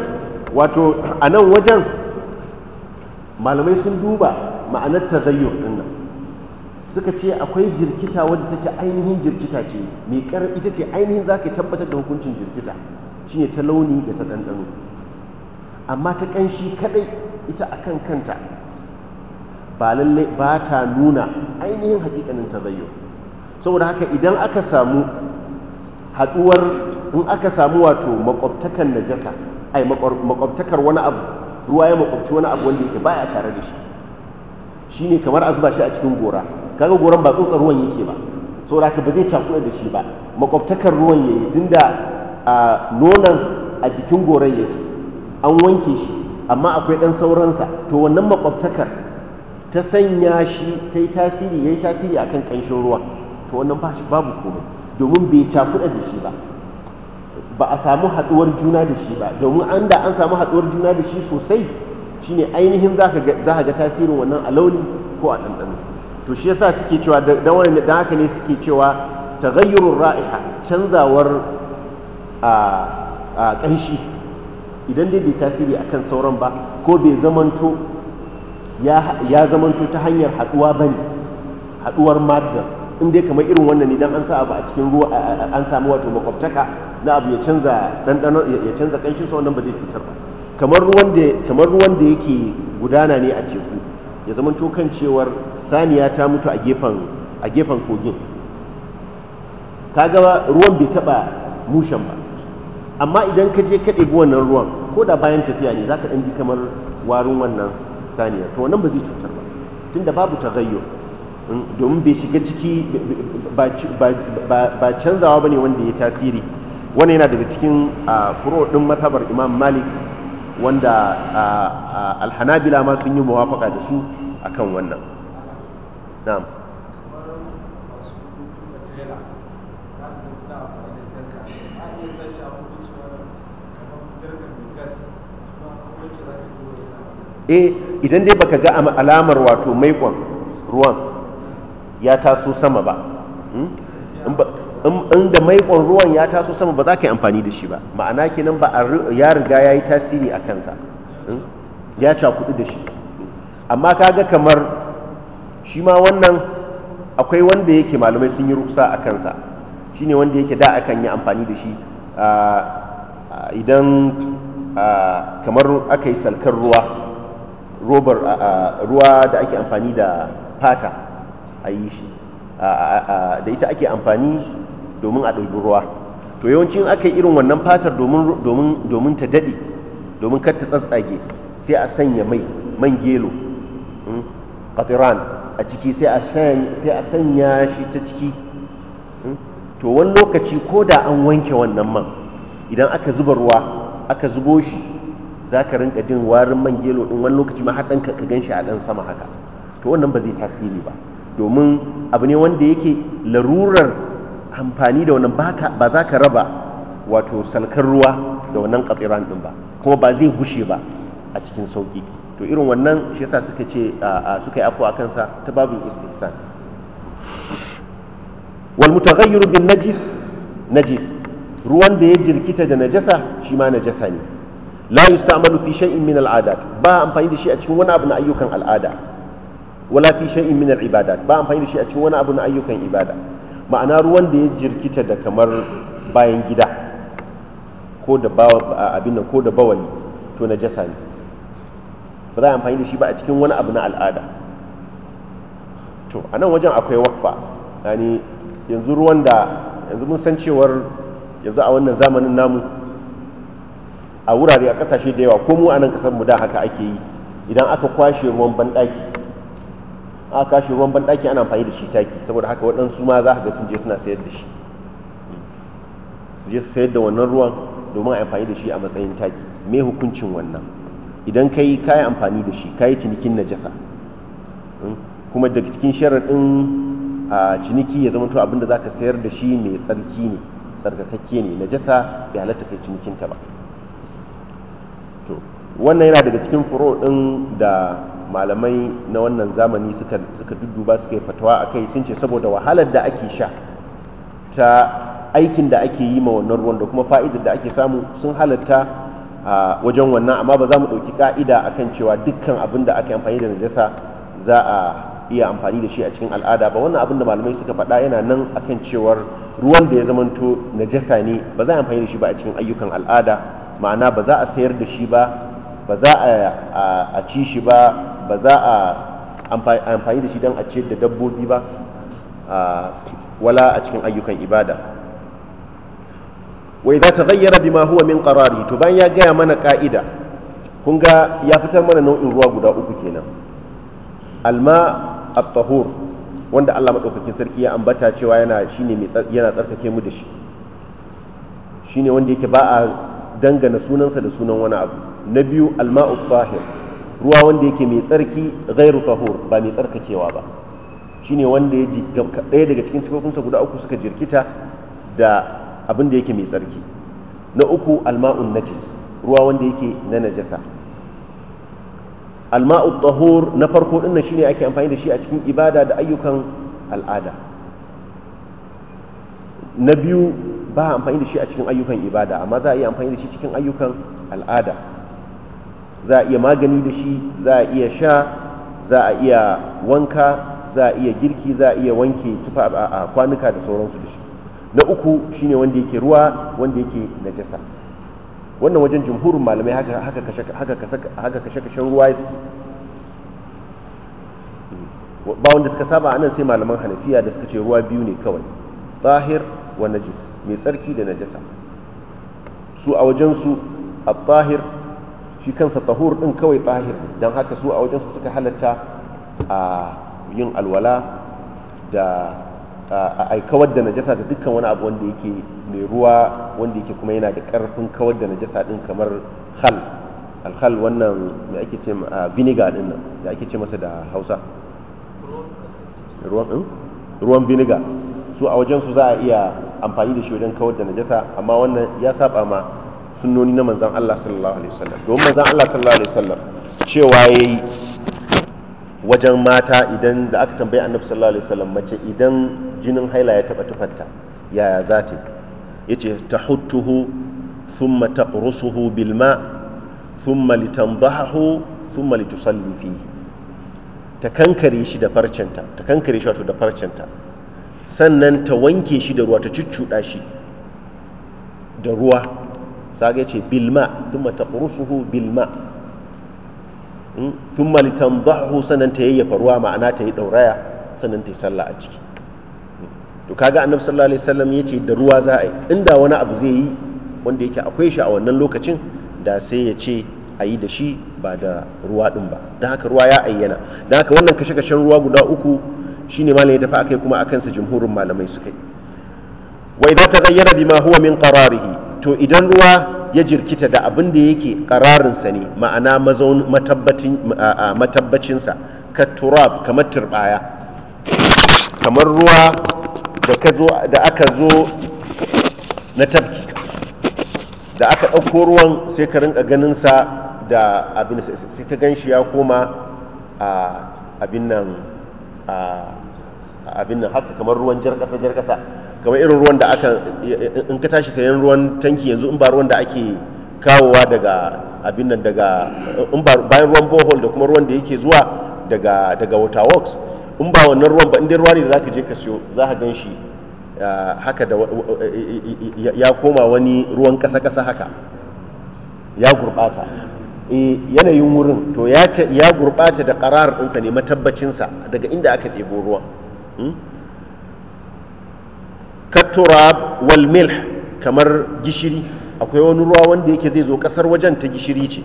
wato a nan wajen malamai sun duba ma'anar tazayyur ɗin suka ce akwai jirkita wadda take ainihin jirkita ce mai kar ita ce ainihin za ka tabbatar da hukuncin jirkita shine ta launi da ta ɗanɗano amma ta ƙanshi kaɗai ita a kan kanta ba lalle ba ta nuna ainihin hakikanin ta zayyo saboda haka idan aka samu haɗuwar in aka samu wato makwabtakan najasa ai makwabtakar wani abu ruwa ya makwabci wani abu wanda yake baya tare da shi shine kamar a zuba shi a cikin gora kaga goran ba tsotsar ruwan yake ba saboda ba zai cakuɗa da shi ba makwabtakar ruwan yayi tunda a nonon a jikin goran yake an wanke shi amma akwai ɗan sauransa to wannan makwabtakar ta sanya shi ta yi tasiri ya yi tasiri a kan ƙanshin ruwa to wannan ba shi babu komai domin bai cakuɗa da shi ba ba a samu haɗuwar juna da shi ba domin an da an samu haɗuwar juna da shi sosai shine ainihin za ka ga tasirin wannan a launi ko a ɗan to shi yasa suke cewa da wani da haka ne suke cewa taghayyurur ra'iha canzawar a ƙanshi idan dai bai tasiri akan sauran ba ko bai zamanto ya zamanto ta hanyar haɗuwa bane haɗuwar madda in dai kamar irin wannan idan an sa abu a cikin ruwa an samu wato makwabtaka na abu ya canza ɗanɗano ya canza ƙanshin sa wannan ba zai cutar ba kamar ruwan da kamar ruwan da yake gudana ne a teku ya zamanto kan cewar saniya ta mutu a gefen a ka kogin ruwan bai taba mushen ba amma idan ka je ka ɗebi wannan ruwan ko da bayan tafiya ne zaka ɗan ji kamar warin wannan saniya to wannan ba zai cutar ba tunda babu tagayyo mm, domin bai shiga ciki ba canzawa ba ne wanda ya tasiri wani yana daga cikin furo ɗin matabar imam malik wanda alhanabila ma sun yi muwafaka da su akan wannan na'am eh idan dai baka ga alamar wato maikon ruwan ya taso sama ba hmm? in da maikon ruwan ya taso sama ba za ka yi amfani da shi ba ma'ana kenan ba ya riga ya yi tasiri a kansa hmm? ya cakudu da shi amma ka ga kamar shi ma wannan akwai wanda yake malamai sun yi ruksa a kansa shi ne wanda yake da akan yi amfani da shi idan kamar aka yi salkar ruwa robar ruwa da ake amfani da fata a yi shi da ita ake amfani domin a ɗauki ruwa to yawancin aka yi irin wannan fatar domin ta daɗe domin kar ta tsatsage sai a sanya mai man gelo ƙatiran hmm, a ciki sai a sanya shi ta ciki hmm? to wani lokaci ko da an wanke wannan man idan aka zuba ruwa aka zubo shi za ka rinka jin warin man gelo ɗin wani lokaci ma haɗin ka gan shi a ɗan sama haka to wannan ba zai tasiri ba domin abu ne wanda yake larurar amfani da wannan ba za ka raba wato salkar ruwa da wannan ƙatsiran ɗin ba kuma ba zai gushe ba a cikin sauƙi to irin wannan shi yasa suka ce suka yi afuwa kansa ta babu istihsan wal mutaghayyiru bin najis najis ruwan da ya jirkita da najasa shi ma najasa ne la yusta'malu fi shay'in min al'adat ba amfani da shi a cikin wani abu na ayyukan al'ada wala fi shay'in min al'ibadat ba amfani da shi a cikin wani abu na ayyukan ibada ma'ana ruwan da ya jirkita da kamar bayan gida ko da abin ko da bawali to najasa ne ba za a amfani da shi ba a cikin wani abu na al'ada to a nan wajen akwai wakfa yani yanzu ruwan da yanzu mun san cewar yanzu a wannan zamanin namu a wurare a kasashe da yawa ko mu a nan kasar mu da haka ake yi idan aka kwashe ruwan banɗaki aka kwashe ruwan banɗaki ana amfani da shi taki saboda haka waɗansu ma za ka ga sun je suna sayar da shi su je su sayar da wannan ruwan domin a amfani da shi a matsayin taki me hukuncin wannan idan ka yi kayi amfani da shi ka yi cinikin najasa hmm? kuma daga cikin sharaɗin a ciniki ya zama to abinda za ka sayar da shi mai tsarki ne tsarkakakke ne najasa bai halatta kai ta ba to wannan yana daga cikin furo ɗin da malamai na wannan zamani suka dudduba suka yi fatawa a kai sun ce saboda wahalar da ake sha ta aikin da ake yi ma wannan ruwan da kuma fa'idar da ake samu sun halatta a wajen wannan amma ba za mu ɗauki ka'ida kan cewa dukkan abin da aka yi amfani da najasa za a iya amfani da shi a cikin al'ada ba wannan abin da malamai suka faɗa yana nan akan cewar ruwan da ya zamanto najasa ne ba za a amfani da shi ba a cikin ayyukan al'ada ma'ana ba za a sayar da shi ba ba za a ci shi ba ba za a amfani da shi don a ciyar da dabbobi ba wala a cikin ayyukan ibada wa idza taghayyara bima huwa min qarari to ban ya gaya mana ka'ida kun ga ya fitar mana nau'in ruwa guda uku kenan alma at-tahur wanda Allah madaukakin sarki ya ambata cewa yana shine mai yana tsarkake mu da shi shine wanda yake ba a dangana sunansa da sunan wani abu na biyu at tahir ruwa wanda yake mai tsarki ghairu tahur ba mai tsarkakewa ba shine wanda ya ji daya daga cikin sifofinsa guda uku suka jirkita da abin da yake mai tsarki na uku alma'un najis ruwa wanda yake na najasa alma'u tahur na farko din nan shine ake amfani da shi a cikin ibada da ayyukan al'ada na biyu ba amfani da shi a cikin ayyukan ibada amma za a iya amfani da shi cikin ayyukan al'ada za a iya magani da shi za a iya sha za a iya wanka za a iya girki za a iya wanke tufa a kwanuka da sauransu da na uku shine wanda yake ruwa wanda yake najasa wannan wajen jumhurin malamai haka haka kashe haka kashe kashen ruwa suke ba wanda suka saba anan sai malaman hanafiya da suka ce ruwa biyu ne kawai tsahir wa najis mai tsarki da najasa su a wajensu a tsahir shi kansa tahur din kawai tahir don haka su a wajensu suka halatta a yin alwala da a kawar da najasa da dukkan wani abu wanda yake mai ruwa wanda yake kuma yana da karfin kawar da najasa din kamar hal alhal wannan mai ake ce a vinegar din nan da ake ce masa da hausa ruwan ruwan vinegar su a wajen su za a iya amfani da shi wajen kawar da najasa amma wannan ya saba ma sunnoni na manzon Allah sallallahu alaihi wasallam domin manzon Allah sallallahu alaihi wasallam cewa yayi wajen mata idan da aka tambayi annabi sallallahu alaihi wasallam mace idan jinin haila ya taba tufarta yaya za ta yace tahuttuhu thumma taqrusuhu bil ma thumma litandahu thumma litusalli fihi ta kankare shi da farcenta ta kankare shi wato da farcenta sannan ta wanke shi da ruwa ta cuccuda shi da ruwa sage ce bilma thumma taqrusuhu bilma sun mm. malitan zahu sannan ta yayyafa ruwa ma'ana ta yi ɗauraya sannan ta yi sallah a ciki mm. to kaga annabi sallallahu alaihi wasallam ya ce da ruwa za a yi inda wani abu zai yi wanda yake akwai shi a wannan lokacin da sai ya ce a yi da shi ba da ruwa din ba don haka ruwa ya ayyana don haka wannan kashe-kashen ruwa guda uku shine malam ya tafi akai kuma akan sa jumhurin malamai suka yi wa idza taghayyara bima huwa min qararihi to idan ruwa ya jirkita da abin da yake kararinsa ne ma'ana matabbacinsa ka turab kamar turbaya kamar ruwa da aka zo na tafki da aka ɗauko ruwan sai ka rinka ganinsa da abin sai ka gan shi ya koma abin nan haka kamar ruwan jar ƙasa jar kamar irin ruwan da aka in ka tashi sayan ruwan tanki yanzu in ba ruwan da ake kawowa daga abin nan daga in ba bayan ruwan borehole da kuma ruwan da yake zuwa daga daga water works in ba wannan ruwan ba in dai ruwa ne da zaka je ka siyo za ka gan shi ah, haka da eh, eh, eh, ya koma wani ruwan kasa kasa haka ya gurbata yanayin wurin to ya gurbata da karar ɗinsa ne matabbacinsa daga inda aka ɗebo ruwan hmm? katturab wal kamar gishiri akwai wani ruwa wanda yake zai zo kasar wajen ta gishiri ce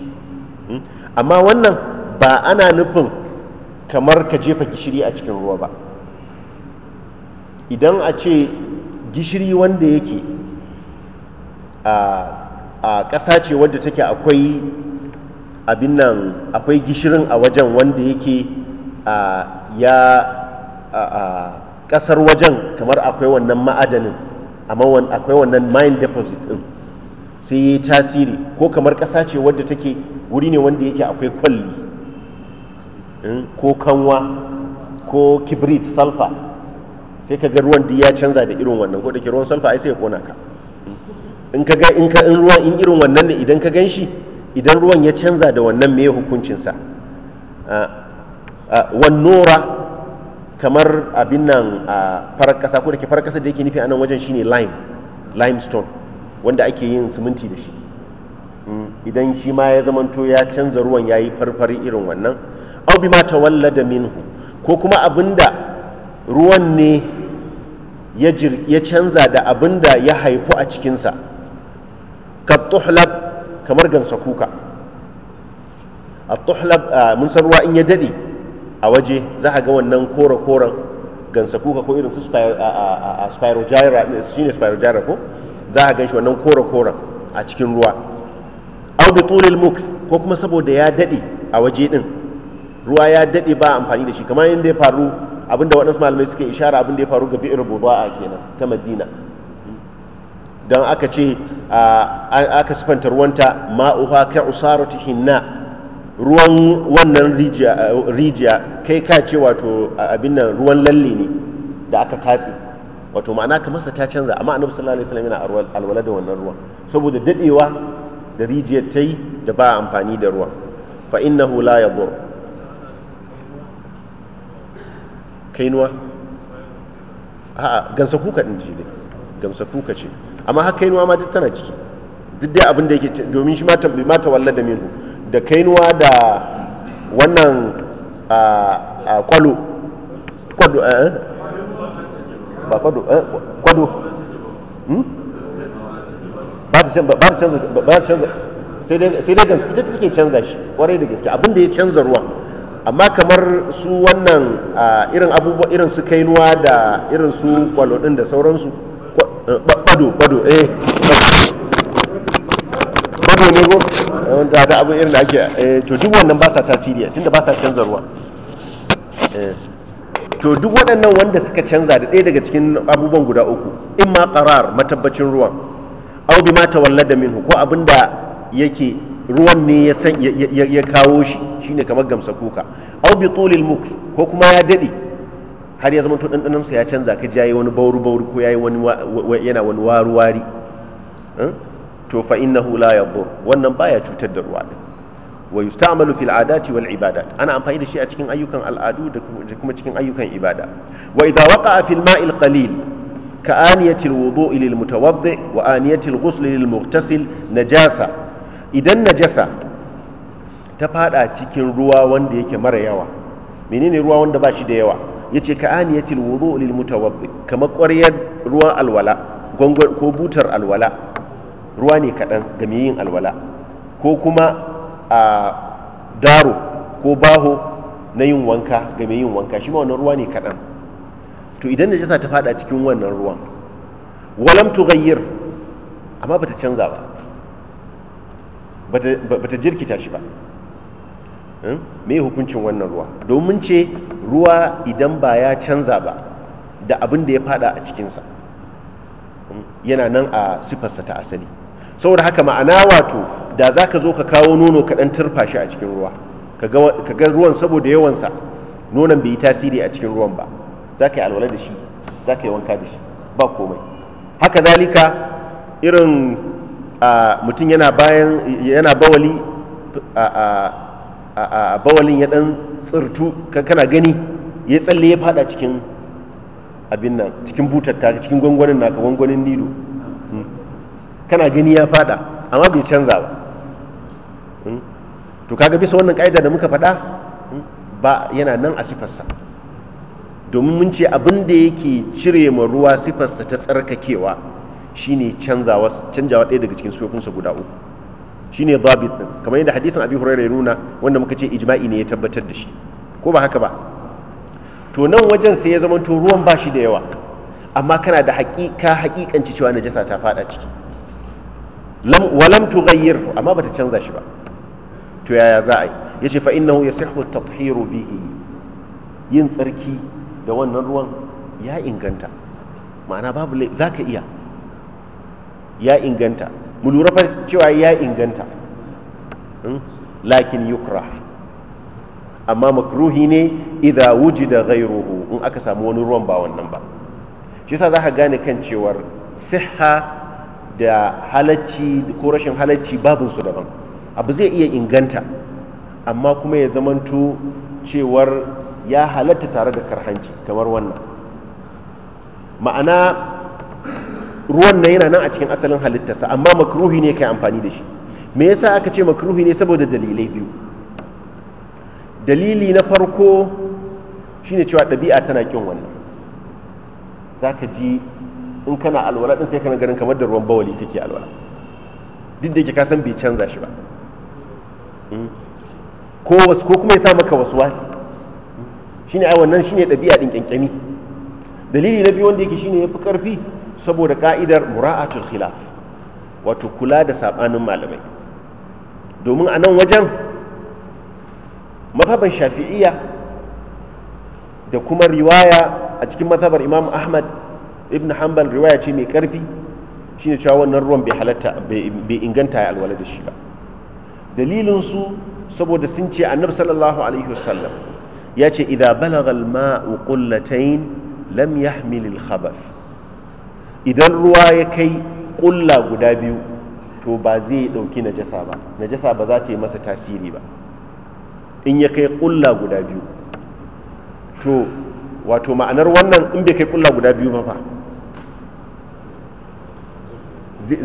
hmm? amma wannan ba ana nufin kamar ka jefa gishiri a cikin ruwa ba idan a ce gishiri wanda yake a ƙasa ce wadda take akwai abin nan akwai gishirin a wajen wanda yake ya kasar wajen kamar akwai wannan ma'adanin amma akwai wannan mine deposit din sai yi tasiri ko kamar ƙasa ce wadda take wuri ne wanda yake akwai kwalli hmm, ko kanwa ko kibrit sulfur sai ka ga ruwan duk ya canza da irin wannan ko da ke ruwan sulfur ai sai ya kona ka in ka ga in ka in ruwan in irin wannan ne idan ka gan shi idan ruwan ya canza da wannan me hukuncinsa ah, ah, wan nura kamar abin nan a farar kasa ko da ke farar kasa da yake nufi a nan wajen shine lime limestone wanda ake yin siminti da shi mm, idan shi ma ya zamanto ya canza ruwan ya yi farfari irin wannan au bi ma tawallada minhu ko kuma abinda ruwan ne ya canza da abinda ya haifu a cikinsa ka tuhlab kamar gansa kuka a tuhlab mun san ruwa in ya dade a waje za ka ga wannan kore-koren gansa kuka ko irin su spirogyra shi ne spirogyra ko za ka gan shi wannan kore-koren a cikin ruwa au butulil mux ko kuma saboda ya daɗe a waje ɗin ruwa ya daɗe ba amfani da shi kamar yadda ya faru abinda waɗansu malamai suke ishara abinda ya faru ga bi'ir a kenan ta madina don aka ce aka sifanta ruwanta ma'uha ka usaratu hinna ruwan wannan eh, rijiya kai ka ce wato abin nan ruwan lalle ne da aka tatse wato ma'ana kamar sa ta canza amma annabi sallallahu alaihi wasallam yana alwala da wannan ruwan saboda dadewa da rijiyar ta yi da ba amfani da ruwan fa innahu la yadur kainuwa a'a gamsa kuka din ji dai gamsa kuka ce amma har kainuwa ma duk tana ciki duk dai abin da yake domin shi ma tawalla da minhu da kainuwa da wannan kwalo kwado eh, eh? ba kwado eh, kwado hmm? ba ta canza ba ta canza sai dai gansu ita take canza shi kwarai da gaske abinda ya canza ruwa. amma kamar su wannan irin abubuwa irin su kainuwa da irin su kwalo din da sauransu kwado kwado eh kwado ne ko wanda da abin irin da ake eh, to duk wannan ba sa tasiri tunda ba sa canza ruwa eh, to duk waɗannan wanda suka canza da ɗaya daga cikin abubuwan guda uku in ma qarar matabbacin ruwan aw bi ma tawallada minhu ko abinda yake ruwan ne ya san ya kawo shi shine kamar gamsa kuka aw bi tulil muk ko kuma ya dade har ya zama to dandanan sa ya canza ka jaye wani bauru bauru ko yayi wani yana wani waruwari eh? to fa innahu la yadur wannan baya cutar da ruwa din wa yusta'malu fil adati wal ibadat ana amfani da shi a cikin ayyukan al'adu da kuma cikin ayyukan ibada wa idha waqa'a fil ma'il qalil ka aniyatil wudu'i lil mutawaddi wa aniyatil ghusl lil mughtasil najasa idan najasa ta fada cikin ruwa wanda yake mara yawa menene ruwa wanda ba shi da yawa yace ka aniyatil wudu'i lil mutawaddi kamar ƙwaryar ruwan alwala ko butar alwala ruwa ne kaɗan ga mai yin alwala ko kuma a daro ko baho na yin wanka ga mai yin wanka shi ma wannan ruwa ne kaɗan to idan najasa ta fada cikin wannan ruwan walam tughayyir amma bata canza ba bata jirkita shi ba hmm? me hukuncin wannan ruwa domin ce ruwa idan ba ya canza ba da abin da ya fada a cikinsa hmm, yana nan a sifarsa ta asali saboda haka ma'ana wato da za ka zo ka kawo nono ka ɗan turfa shi a cikin ruwa ka ga ruwan saboda yawansa nonon bai yi tasiri a cikin ruwan ba za ka yi alwala da shi za ka yi wanka da shi ba komai haka zalika irin mutum yana bayan yana bawali a bawalin ya ɗan tsirtu kana gani ya tsalle ya fada cikin abin nan cikin butar ta cikin gwangwanin naka gwangwanin nido kana gani ya fada amma bai canza ba hmm? to kaga bisa wannan ka'ida da muka fada hmm, ba yana nan a sifarsa domin mun ce abin da yake cire ma ruwa sifarsa ta tsarkakewa shine canzawa canjawa ɗaya daga cikin sifofinsa guda uku shine zabit din kamar yadda hadisin abi hurairah ya nuna wanda muka ce ijma'i ne ya tabbatar da shi ko ba haka ba to nan wajen sai ya zama to ruwan bashi da yawa amma kana da haƙiƙa haƙiƙanci cewa najasa ta faɗa ciki walam tughayyir amma bata canza shi ba to yaya za a yi yace fa innahu yasihhu at-tathhiru bihi yin tsarki da wannan ruwan ya inganta ma'ana babu zaka iya ya inganta mu lura fa cewa ya inganta hmm? lakin yukra amma makruhi ne idza wujida ghayruhu in aka samu wani ruwan ba wannan ba shi yasa zaka gane kan cewar sihha da halacci ko rashin halacci babinsu daban abu zai iya inganta amma kuma ya zamanto cewar ya halatta tare da karhanci kamar wannan ma'ana ruwan nan yana nan a cikin asalin halittarsa amma makruhi ne kai amfani da shi me yasa aka ce makruhi ne saboda dalilai biyu dalili na farko shine cewa ɗabi'a tana kin wannan za ka ji in kana alwala din sai kana ganin kamar da ruwan bawali kake alwala duk da yake ka san bai canza shi ba hmm. ko wasu ko kuma ya sa maka wasu wasi hmm. shine ai wannan shine ɗabi'a din kyankyami dalili na biyu wanda yake shine yafi karfi saboda ka'idar mura'atul khilaf wato kula da sabanin malamai domin a nan wajen mazhaban shafi'iyya da kuma riwaya a cikin mazhabar imam ahmad ibn hanbal riwaya ce mai karfi shine cewa wannan ruwan bai halatta bai inganta ya alwala da shi ba dalilin su saboda sun ce annabi sallallahu alaihi wasallam ya ce idza balagha al-ma'u qullatayn lam yahmil al-khabath idan ruwa ya kai kulla guda biyu to ba zai dauki najasa ba najasa ba za ta yi masa tasiri ba in ya kai kulla guda biyu to wato ma'anar wannan in bai kai kulla guda biyu ba fa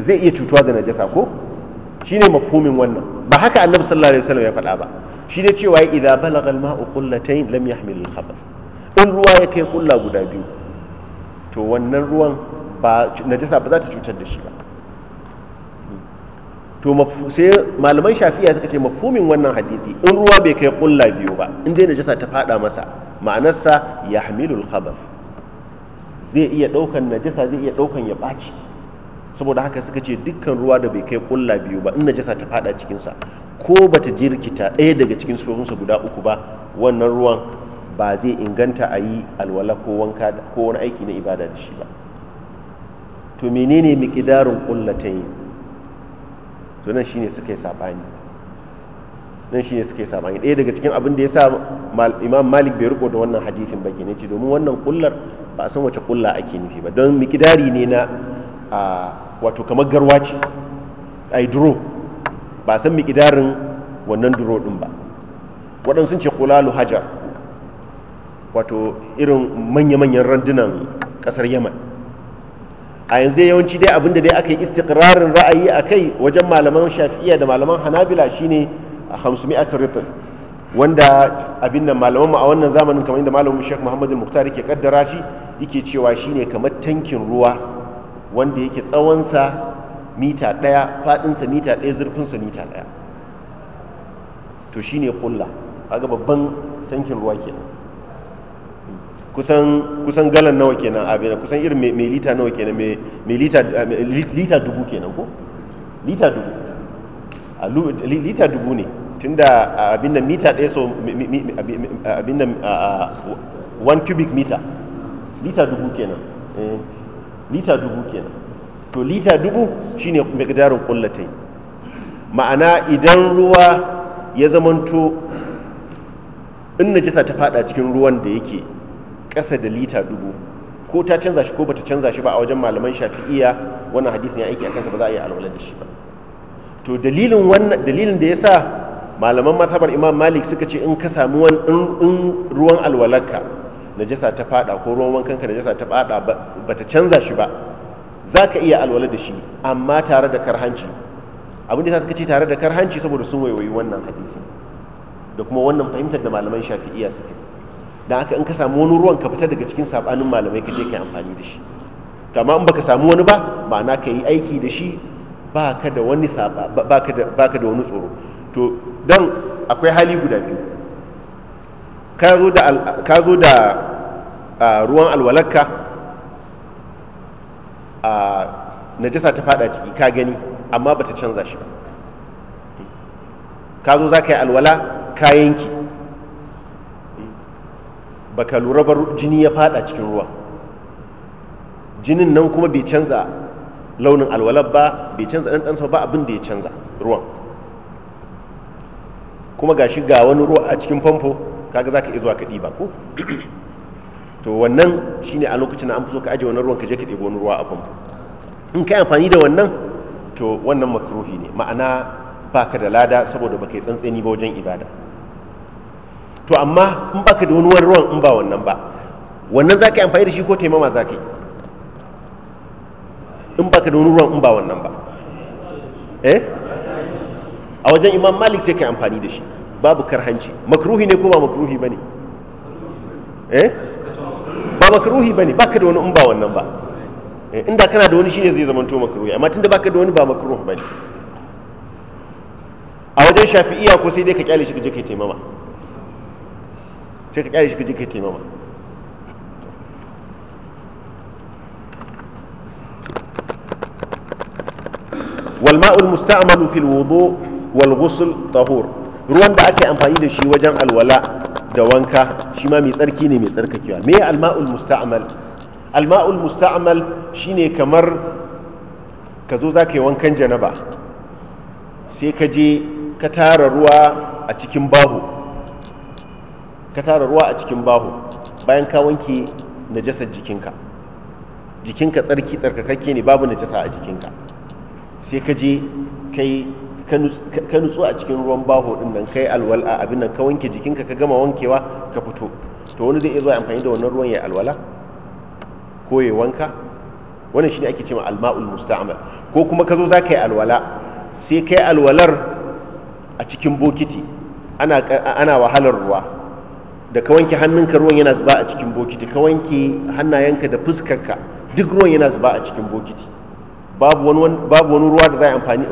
zai iya cutuwa da najasa ko shine mafhumin wannan ba haka annabi sallallahu alaihi wasallam ya faɗa ba shi ne cewa idza balagha al-ma'u qullatayn lam yahmil al-khabath in ruwa ya kai kulla guda biyu to wannan ruwan ba najasa ba za ta cutar da shi ba to sai malaman shafi'a suka ce mafhumin wannan hadisi in ruwa bai kai kulla biyu ba in dai najasa ta fada masa ma'anarsa yahmilul khabath zai iya daukan najasa zai iya daukan ya baci saboda haka suka ce dukkan ruwa da bai kai kulla biyu ba in najasa ta fada cikinsa ko ba ta jirkita ɗaya daga cikin sufofinsa guda uku ba wannan ruwan ba zai inganta a yi alwala ko wanka ko wani aiki na ibada da shi ba to menene miƙidarin yi to nan shine suka yi saɓani nan shine suka yi saɓani ɗaya daga cikin abin da ya sa imam malik bai riko da wannan hadithin ba ne ce domin wannan kullar ba a san wace kulla ake nufi ba don mikidari ne na a wato kamar garwa ce yi duro ba san miƙidarin wannan duro ɗin ba waɗansu ce kulalu hajar wato irin manya-manyan randunan ƙasar yaman a yanzu dai yawanci dai abinda dai aka yi istikirarin ra'ayi a kai wajen malaman shafi'iya da malaman hanabila shine a hamsumi'at ritin wanda abin nan malaman a wannan zamanin kamar inda malamin shek muhammadu muktar ke kaddara shi yake cewa shine kamar tankin ruwa wanda yake tsawonsa mita ɗaya faɗinsa mita ɗaya zurfinsa mita ɗaya to shi ne ƙulla aga babban tankin ruwa kenan kusan kusan galan nawa kenan abin kusan irin mai lita nawa kenan mai lita dubu kenan ko lita dubu a lita dubu ne tunda abin da mita ɗaya so abin da one cubic meter lita dubu kenan eh. lita dubu kenan to lita dubu shine miqdarin kullatai ma'ana idan ruwa ya zamanto in najasa ta fada cikin ruwan da yake ƙasa da lita dubu ko ta canza shi ko bata canza shi ba a wajen malaman shafi'iya wannan hadisin ya aiki a kansa ba za a yi alwala da shi ba to dalilin wannan dalilin da yasa malaman mazhabar imam malik suka ce in ka samu wani in ruwan alwalarka najasa ta fada ko ruwan wankan ka najasa ta fada bata canza shi ba za ka iya alwala da shi amma tare da karhanci abin da suka ce tare da karhanci saboda sun waiwayi wannan hadisi da kuma wannan fahimtar da malaman shafi'iya suka da haka in ka samu wani ruwan ka fita daga cikin sabanin malamai ka je ka amfani da shi to amma in baka samu wani ba ma'ana ka yi aiki da shi baka da wani saba baka da wani tsoro to dan akwai hali guda biyu ka zo da ruwan alwalarka a najasa ta fada ciki ka gani amma ba ta canza shi ka zo za ka yi alwala kayanki. ba baka lura ba jini ya fada cikin ruwa jinin nan kuma bai canza launin alwalar ba bai canza ɗanɗansa ba abin da ya canza ruwan kuma gashi ga wani ruwa a cikin famfo kaga ka iya zuwa ka ɗiba ko to wannan shine a lokacin an fi so ka aje wannan ruwan ka je ka ɗebo wani ruwa a famfo in kai amfani da wannan to wannan makruhi ne ma'ana baka da lada saboda baka yi tsantseni ba wajen ibada to amma in baka da wani ruwan in ba wannan ba wannan za ka yi amfani da shi ko taimama za ka yi in baka da wani ruwan in ba wannan ba eh a wajen imam malik sai ka yi amfani da shi babu karhanci makruhi ne ko ba makruhi bane eh ba makruhi bane baka da wani in ba wannan ba inda kana da wani shine zai zama to makruhi amma tunda baka da wani ba makruhi bane a wajen shafi'iya ko sai dai ka kyale shi ka je kai taimama sai ka kyale shi ka je kai taimama والماء المستعمل في الوضوء والغسل طهور ruwan da ake amfani da shi wajen alwala da wanka shi ma mai tsarki ne mai tsarkakewa me alma'ul musta'mal alma'ul musta'mal shine kamar ka zo za ka yi wankan janaba sai ka je ka tara ruwa a cikin baho ka tara ruwa a cikin baho bayan ka wanke najasar jikinka jikinka tsarki tsarkakakke ne babu najasa a jikinka sai ka je kai ka nutsu a cikin ruwan baho din nan kai alwala abin nan ka wanke jikinka ka gama wankewa ka fito to wani zai iya zuwa amfani da wannan ruwan ya alwala ko ya wanka wannan shine ake cewa alma'ul musta'mal ko kuma ka zo za ka yi alwala sai kai alwalar a cikin bokiti ana wahalar ruwa da ka wanke hannunka ruwan yana zuba a cikin bokiti ka wanke hannayenka da fuskarka duk ruwan yana zuba a cikin bokiti babu wani ruwa da za a amfani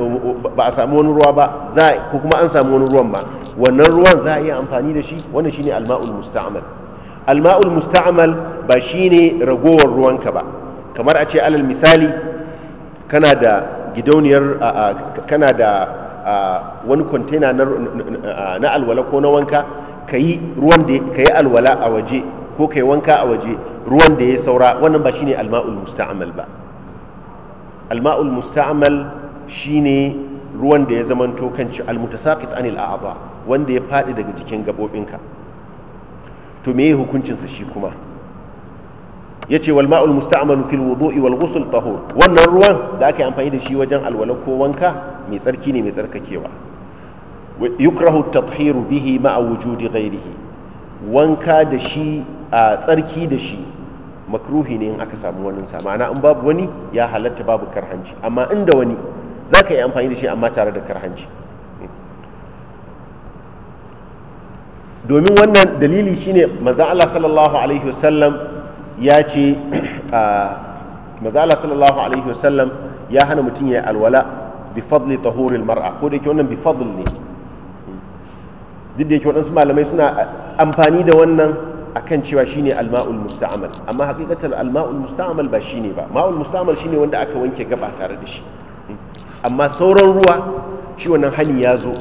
ba a samu wani ruwa ba za ko kuma an samu wani ruwan ba wannan ruwan za a iya amfani da shi wannan shine alma'ul musta'mal alma'ul musta'mal ba shine ragowar ruwanka ba kamar a ce alal misali kana da gidauniyar kana da wani kwantena na alwala ko na wanka ka yi alwala a waje ko ka yi wanka a waje ruwan da ya saura wannan ba shine alma'ul musta'mal ba alma'ul musta'mal shine ruwan da ya zamanto kanci almutasaqit anil a'dha wanda ya fadi daga jikin gabobinka to meye hukuncinsa shi kuma yace wal ma'ul musta'malu fil wudu'i wal ghusl tahur wannan ruwan da aka yi amfani da shi wajen alwala ko wanka mai tsarki ne mai tsarkakewa yukrahu at-tathiru bihi ma'a wujudi gairihi. wanka da shi a tsarki da shi makruhi ne in aka samu wani sa ma'ana in babu wani ya halatta babu karhanci amma inda wani za ka yi amfani da shi amma tare da karhanci domin wannan dalili shine maza Allah sallallahu alaihi wasallam ya ce maza Allah sallallahu alaihi wasallam ya hana mutum ya alwala bi fadli tahuril mar'a ko da yake wannan bi fadl ne duk da yake waɗansu malamai suna amfani da wannan akan cewa shine alma'ul musta'mal amma hakikatar alma'ul musta'mal ba shine ba ma'ul musta'mal shine wanda aka wanke gaba tare da shi amma sauran ruwa shi wannan hani ya zo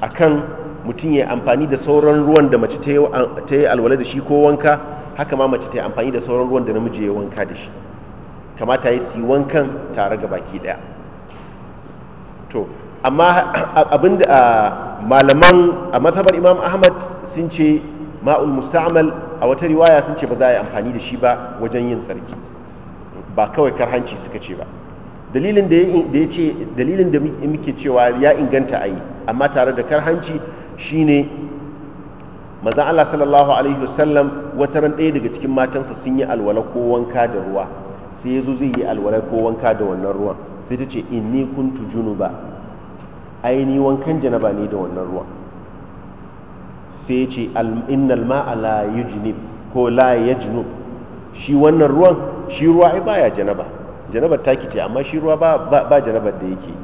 akan mutum ya amfani da sauran ruwan da mace ta yi alwala da shi ko wanka haka ma mace ta yi amfani da sauran ruwan da namiji ya wanka da shi kamata ya yi wankan tare ga baki daya to amma abinda malaman a matsabar imam ahmad sun ce ma'ul musta'mal a wata riwaya sun ce ba za a yi amfani da shi ba wajen yin sarki ba kawai karhanci suka ce ba dalilin da ya ce dalilin da muke cewa ya inganta ayi amma tare da karhanci shine maza Allah sallallahu alaihi wasallam wata ran ɗaya daga cikin matansa sun yi alwala ko wanka da ruwa sai ya zo zai yi alwala ko wanka da wannan ruwan sai ta ce inni kuntu junuba ai ni wankan janaba ne da wannan ruwan sai ya ce innal ma'a la yujnib ko la yajnub shi wannan ruwan shi ruwa ai baya janaba janabar taki ce amma shi ruwa ba ba janabar da yake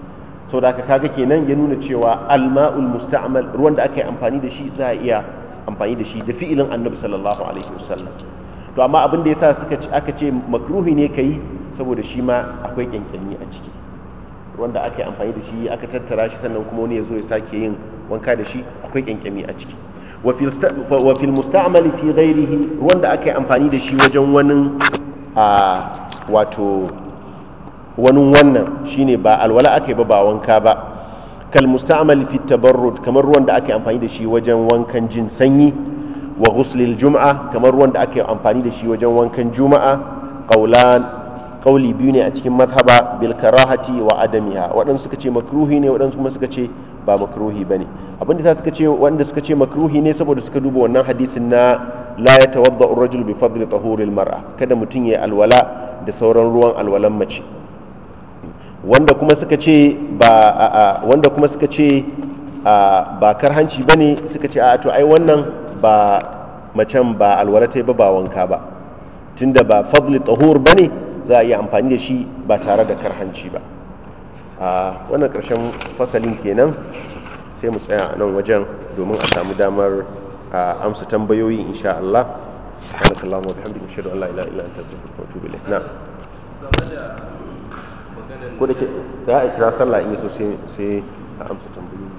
sau da aka kaga kenan ya nuna cewa alma'ul musta'mal ruwan da aka yi amfani da shi za a iya amfani da shi da fi'ilin annabi sallallahu alaihi wasallam to amma abin da yasa suka aka ce makruhi ne kai saboda shi ma akwai kyankyani a ciki ruwan da aka yi amfani da shi aka tattara shi sannan kuma wani ya zo ya sake yin wanka da shi akwai kyankyami a ciki wa fil musta'mal fi ghairihi ruwan da aka yi amfani da shi wajen wani a wato wani wannan shine ba alwala aka yi ba ba wanka ba kal musta'mal fi tabarrud kamar ruwan da aka yi amfani da shi wajen wankan jin sanyi wa ghuslil jum'a kamar ruwan da aka yi amfani da shi wajen wankan juma'a qaulan kauli biyu ne a cikin mazhaba bil karahati wa adamiha waɗansu suka ce makruhi ne waɗansu kuma suka ce ba makruhi bane abin da suka ce wanda suka ce makruhi ne saboda suka duba wannan hadisin na la ya tawadda urajul bi fadli tahuril mar'a kada mutum yi alwala da sauran ruwan alwalan mace wanda kuma suka ce ba wanda kuma suka ce ba karhanci bane suka ce a to ai wannan ba macen ba alwala ta ba ba wanka ba tunda ba fadli tahur bane za a yi amfani da shi ba tare da karhanci ba a wannan ƙarshen fasalin kenan sai mu tsaya a nan wajen domin a samu damar amsa tambayoyi insha Allah subhanakallahu wa bihamdika ashhadu an la ilaha ila anta astaghfiruka wa atubu ilayk na ko da ke za a kira sallah in so sai a amsa tambayoyi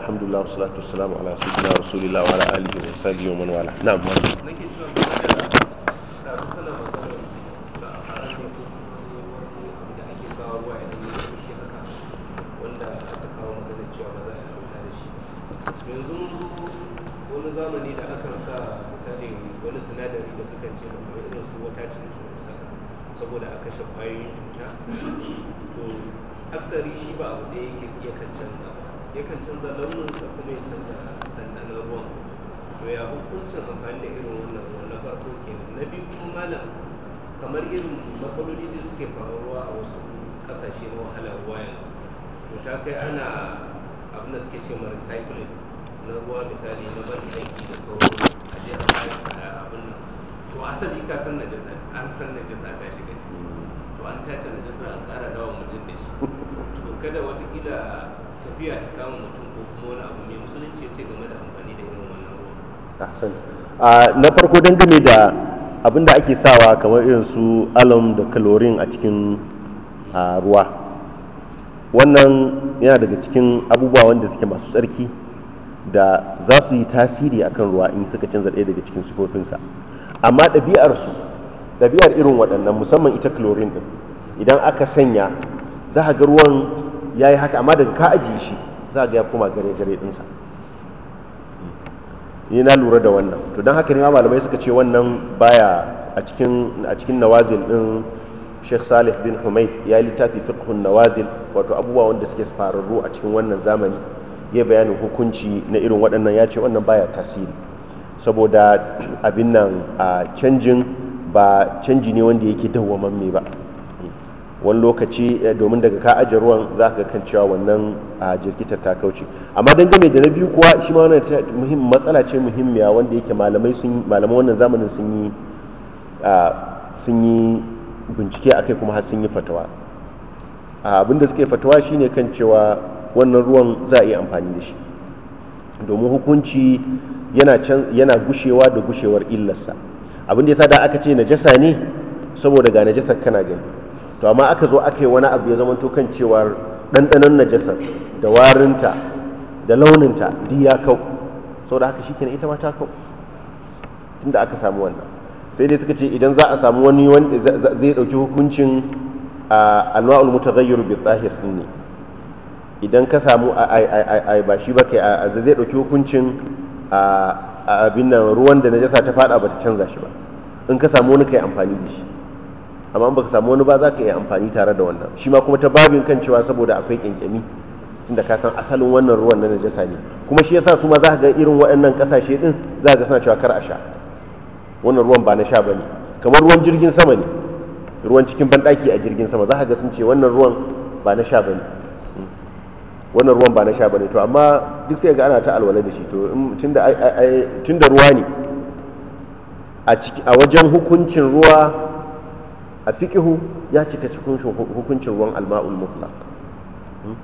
alhamdulillah wassalatu wassalamu ala sayyidina rasulillah wa ala alihi wa sahbihi wa man wala na'am zamani da sa sinadari da suka ce irin su wata saboda a kashe kwayoyin cuta to aksari shi ba abu da yake iya kan canza ba yakan canza launinsa kuma ya canza ɗanɗanon ruwan to ya hukuncin amfani da irin wannan ruwan na farko ke na biyu kuma malam kamar irin matsaloli da suke faruwa a wasu ƙasashe na wahalar ruwa yanzu to ta kai ana abin da suke ce ma recycling na ruwa misali na bari aiki da sauran a je a bayan abin nan to asali ka san na jasa an san na jasa ta shiga ciki to an tace na jasa an ƙara dawa mutum da shi to kada watakila tafiya ta kama mutum ko kuma wani abu mai musulunci ce game da amfani da irin wannan ruwan a ah, ah, na farko dangane da abin da ake sawa kamar irin su alum da chlorine a cikin ah, ruwa wannan yana daga cikin abubuwa wanda suke masu tsarki da za su yi tasiri akan ruwa in suka canza ɗaya daga cikin sifofinsa amma ɗabi'arsu ɗabi'ar irin waɗannan musamman ita chlorine ɗin idan aka sanya za ga ruwan ya yi haka amma daga ka ajiye shi za ga ya koma gare gare ɗinsa ni na lura da wannan to don haka ne malamai suka ce wannan baya a cikin a cikin nawazil din Sheikh Salih bin Humaid ya yi littafi fiqhun nawazil wato abubuwa wanda suke fararru a cikin wannan zamani ya bayanin hukunci na irin waɗannan ya ce wannan baya tasiri saboda abin nan a canjin ba canji ne wanda yake mamme ba wani lokaci eh, domin daga ka aje ruwan za ka kan cewa wannan jirgitar ta kauce amma dangane da na biyu kuwa shi ma wannan matsala ce muhimmiya wanda yake malamai sun malaman wannan zamanin sun yi sun yi bincike akai kuma har sun yi fatawa abin da suka yi fatawa shine kan cewa wannan ruwan za a yi amfani da shi domin hukunci yana gushewa da gushewar illarsa abin da yasa da aka ce najasa ne saboda ga najasar kana gani to amma aka zo aka yi wani abu ya zama to kan cewar ɗanɗanon najasar da warinta da launinta di ya kau da haka shi ita ma ta kau tunda aka samu wannan sai dai suka ce idan za a samu wani wanda zai ɗauki hukuncin anwa'ul mutaghayyir bi zahir din ne idan ka samu ai ba shi ba a zai ɗauki hukuncin abin nan ruwan da najasa ta fada bata canza shi ba in ka samu wani kai amfani da shi amma baka samu wani ba za ka iya amfani tare da wannan shi ma kuma ta babin kan cewa saboda akwai kyankyami tunda ka san asalin wannan ruwan na najasa ne kuma shi yasa su ma za ka ga irin waɗannan ƙasashe ɗin za ka ga suna cewa kar a sha wannan ruwan ba na sha ba ne kamar ruwan jirgin sama ne ruwan cikin banɗaki a jirgin sama za ka ga sun ce wannan ruwan ba na sha ba ne wannan ruwan ba na sha ba ne to amma duk sai ga ana ta alwala da shi to tunda ruwa ne a wajen hukuncin ruwa a fiƙihu ya cika cikin hukuncin ruwan alma'ul mutlaq hmm?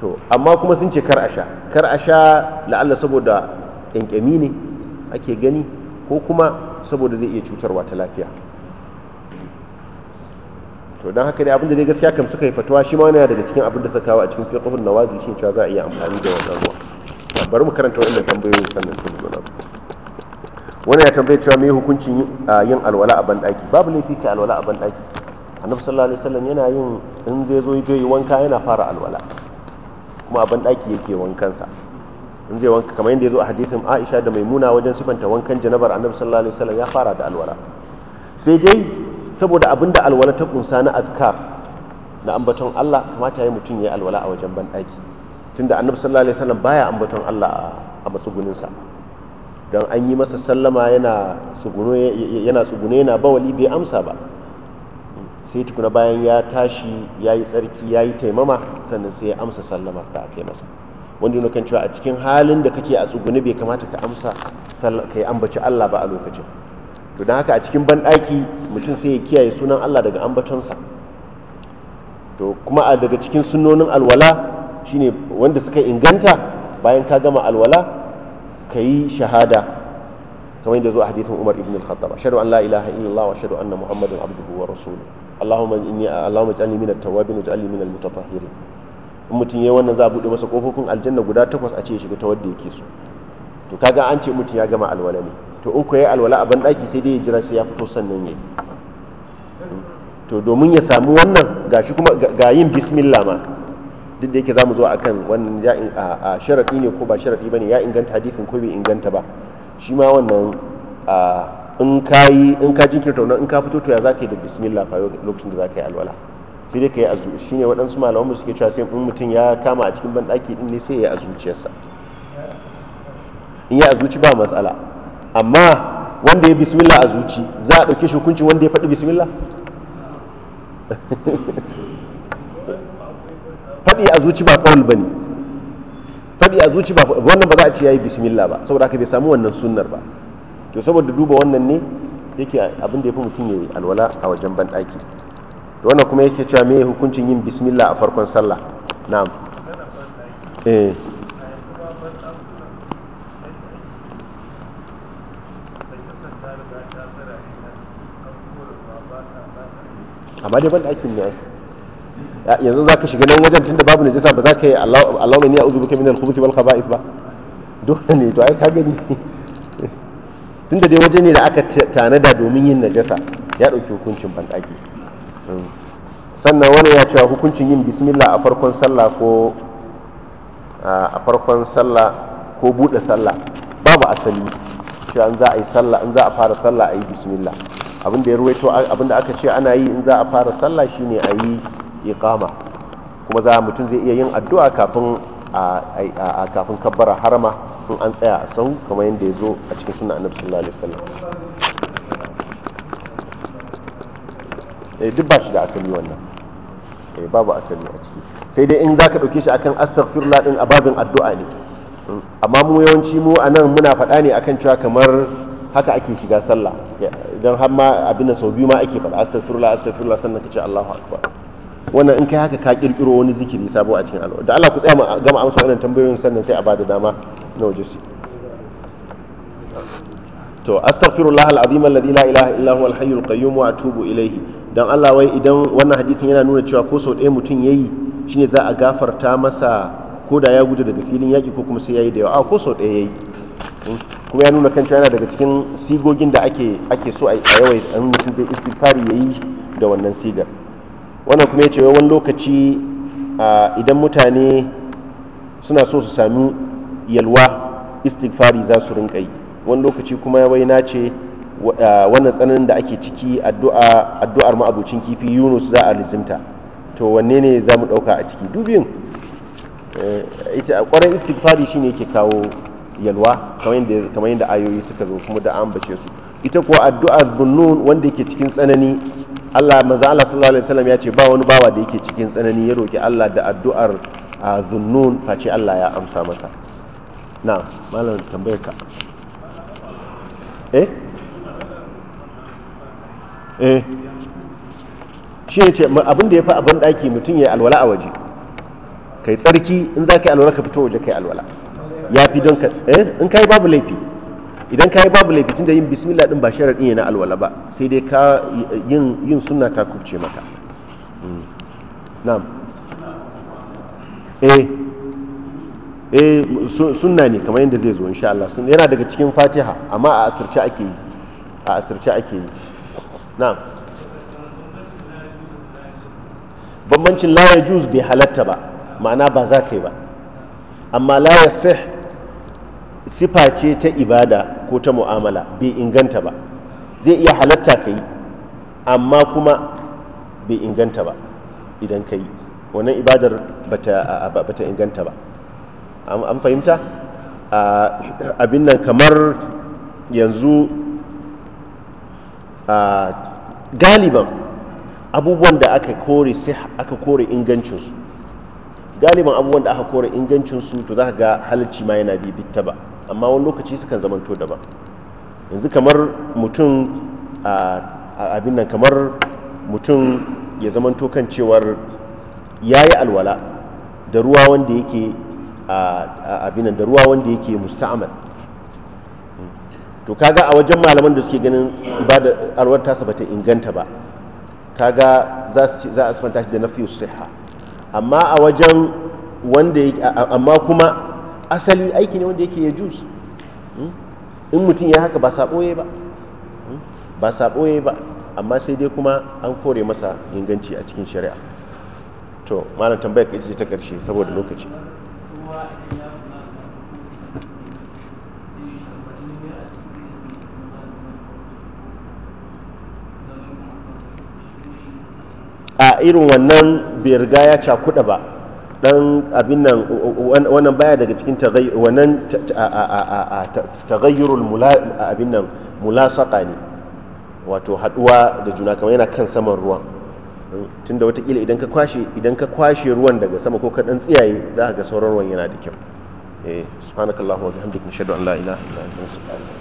to amma kuma sun ce kar a sha kar a sha la'alla saboda ƙyanƙyami ne ake gani ko kuma saboda zai iya cutarwa ta lafiya to don haka dai abinda dai gaskiya kam suka yi fatuwa shi ma yana daga cikin abin da suka kawo a cikin fiƙihun nawazi shi cewa za a iya amfani da wannan ruwa bari mu karanta wannan tambayoyin sannan sai mu zo wani ya tambaye cewa me hukuncin yin alwala a banɗaki babu laifi ka alwala a banɗaki annabi sallallahu alaihi wasallam yana yin in zai zo yi wanka yana fara alwala kuma a bandaki yake wankansa in zai wanka kamar yadda ya zo a hadisin Aisha da Maimuna wajen sifanta wankan janabar annabi sallallahu alaihi wasallam ya fara da alwala sai dai saboda abinda alwala ta kunsa na azkar na ambaton Allah kamata ya mutum ya alwala a wajen banɗaki tunda annabi sallallahu alaihi wasallam baya ambaton Allah a matsugunin sa don an yi masa sallama yana tsugune yana bawali bai amsa ba sai tukuna bayan ya tashi ya yi tsarki ya yi taimama sannan sai ya amsa sallama da aka masa wanda yana kan cewa a cikin halin da kake a tsugune bai kamata ka amsa ka yi ambaci Allah ba a lokacin to don haka a cikin banɗaki mutum sai ya kiyaye sunan Allah daga ambatonsa to kuma daga cikin sunonin alwala shine wanda suka inganta bayan ka gama alwala ka yi shahada kamar yadda zo a hadithin Umar ibn al-Khattab ashhadu an la ilaha illallah wa ashhadu anna muhammadan abduhu wa rasuluhu allahumma inni allahumma ij'alni at tawwabin waj'alni al mutatahhirin in mutum yayi wannan za a bude masa kofofin aljanna guda takwas a ce ya shiga ta wanda yake so to kaga an ce mutum ya gama alwala ne to uku yayi alwala a ban daki sai dai ya jira sai ya fito sannan yayi to domin ya samu wannan gashi kuma ga yin bismillah ma duk da yake mu zo kan wannan ya a sharadi ne ko ba ba ne ya inganta hadisin ko bai inganta ba shi ma wannan in ka yi in ka jinkirta wannan in ka fito to ya ka yi da bismillah fa lokacin da za ka yi alwala sai dai ka yi azu ne waɗansu malamanmu suke cewa sai in mutum ya kama a cikin banɗaki din ne sai ya yi zuciyarsa in ya azuci ba matsala amma wanda ya bismillah a zuci za a ɗauke shi hukunci wanda ya faɗi bismillah faɗi a zuci ba ƙaul ba ne faɗi a zuci ba wannan ba za a ce ya yi bismillah ba saboda aka bai samu wannan sunnar ba to saboda duba wannan ne yake abin da ya fi mutum ya yi alwala a wajen banɗaki to wannan kuma yake cewa me hukuncin yin bismillah a farkon sallah na'am eh amma dai ɗakin ne ai yanzu za ka shiga nan wajen tunda babu jisa ba za ka yi Allah ne ya uzu buke min al wal khaba'ith ba dole ne to ai ka gani tun da dai waje ne da aka tanada domin yin najasa ya dauki hukuncin bandaki sannan wani ya cewa hukuncin yin bismillah a farkon sallah ko a farkon sallah ko bude sallah babu asali cewa an za a yi sallah an za a fara sallah a yi bismillah abinda ya ruwaito abinda aka ce ana yi in za a fara sallah shine a yi iqama kuma za mutum zai iya yin addu'a kafin a kafin kabbara harama in an tsaya a sahu kamar yadda ya zo a cikin suna annabi sallallahu alaihi wasallam eh duk ba shi da asali wannan eh babu asali a ciki sai dai in za ka ɗauke shi akan astaghfirullah din ababin addu'a ne hmm, amma mu yawanci mu anan muna faɗa ne akan cewa kamar haka ake shiga sallah idan har ma abin da sau biyu ma ake faɗa astaghfirullah astaghfirullah sannan ka ce Allahu akbar wannan in kai haka ka kirkiro wani zikiri sabo a cikin al'umma da Allah ku tsaya mu gama amsa wannan tambayoyin sannan sai a bada dama na waje su to astaghfirullah alazim alladhi la ilaha illa huwa alhayyul qayyum wa atubu ilayhi dan Allah wai idan wannan hadisin yana nuna cewa ko sau ɗaya mutum yayi shine za a gafarta masa ko da ya gudu daga filin yaki ko kuma sai yayi da yawa a ko sau ɗaya yayi kuma ya nuna kan cewa yana daga cikin sigogin da ake ake so a yawai an mutum zai istighfari yayi da wannan sigar wannan kuma ya ce wani lokaci idan mutane suna so su sami yalwa istighfari za su rinka yi wani lokaci kuma ya na ce wannan tsananin da ake ciki addu'ar ma'abucin kifi yunus za a lizimta to wanne ne za mu ɗauka a ciki dubin eh, ita a ƙwarar istighfari ne yake kawo yalwa kamar yadda ayoyi suka zo kuma da an bace su ita kuwa addu'ar bunnun wanda ke cikin tsanani Allah manzo Allah sallallahu alaihi wasallam ya ce ba wani bawa da yake cikin tsanani ya roki Allah da addu'ar zunnun face Allah ya amsa masa na malam tambayar ka eh eh shi ne ce abin da ya fi abin daki mutum ya alwala a waje kai tsarki in za ka yi alwala ka fito waje ka yi alwala ya fi don ka eh in ka yi babu laifi idan ka yi babu laifin da yin bismillah din ba sharaɗi ne na alwala ba sai dai ka yin yin sunna ta kubce maka hmm. na'am eh eh sunna ne kamar yadda zai zo insha Allah yana daga cikin Fatiha amma a asirce ake yi a asirce ake yi na'am bambancin la yajuz bai halatta ba ma'ana ba za ka yi ba amma la yasih sifa ce ta ibada ko ta mu'amala bai inganta ba zai iya halatta ka yi amma kuma bai inganta ba idan ka yi wannan ibadar ba ta inganta ba an fahimta abin nan kamar yanzu galiban abubuwan da aka kore aka kore ingancinsu galiban abubuwan da aka kore ingancinsu to za ka ga halarci ma yana bi ba amma wani lokaci sukan zamanto daban yanzu kamar mutum a abin nan kamar mutum ya zamanto kan cewar ya yi alwala da ruwa wanda yake abin nan da ruwa wanda yake musta'amal to kaga a wajen malaman da suke ganin ibada alwar tasa bata inganta ba kaga za a sifanta shi da nafi siha amma a wajen wanda amma kuma asali aiki ne wanda yake ya jus hmm? in mutum ya haka ba saɓoye ba hmm? ba saɓoye ba amma sai dai kuma an kore masa inganci a cikin shari'a to malam tambayar ka ita ce ta ƙarshe saboda lokaci a irin wannan bai riga ya cakuɗa ba dan abin nan wannan baya daga cikin wannan tagayyurul abin nan mulasaka ne wato haduwa da juna kamar yana kan saman ruwan tunda watakila idan ka kwashe idan ka kwashe ruwan daga sama ko ka dan tsiyaye za ka ga sauran ruwan yana da kyau eh subhanakallahumma wa bihamdika nashhadu an la ilaha illa anta astaghfiruka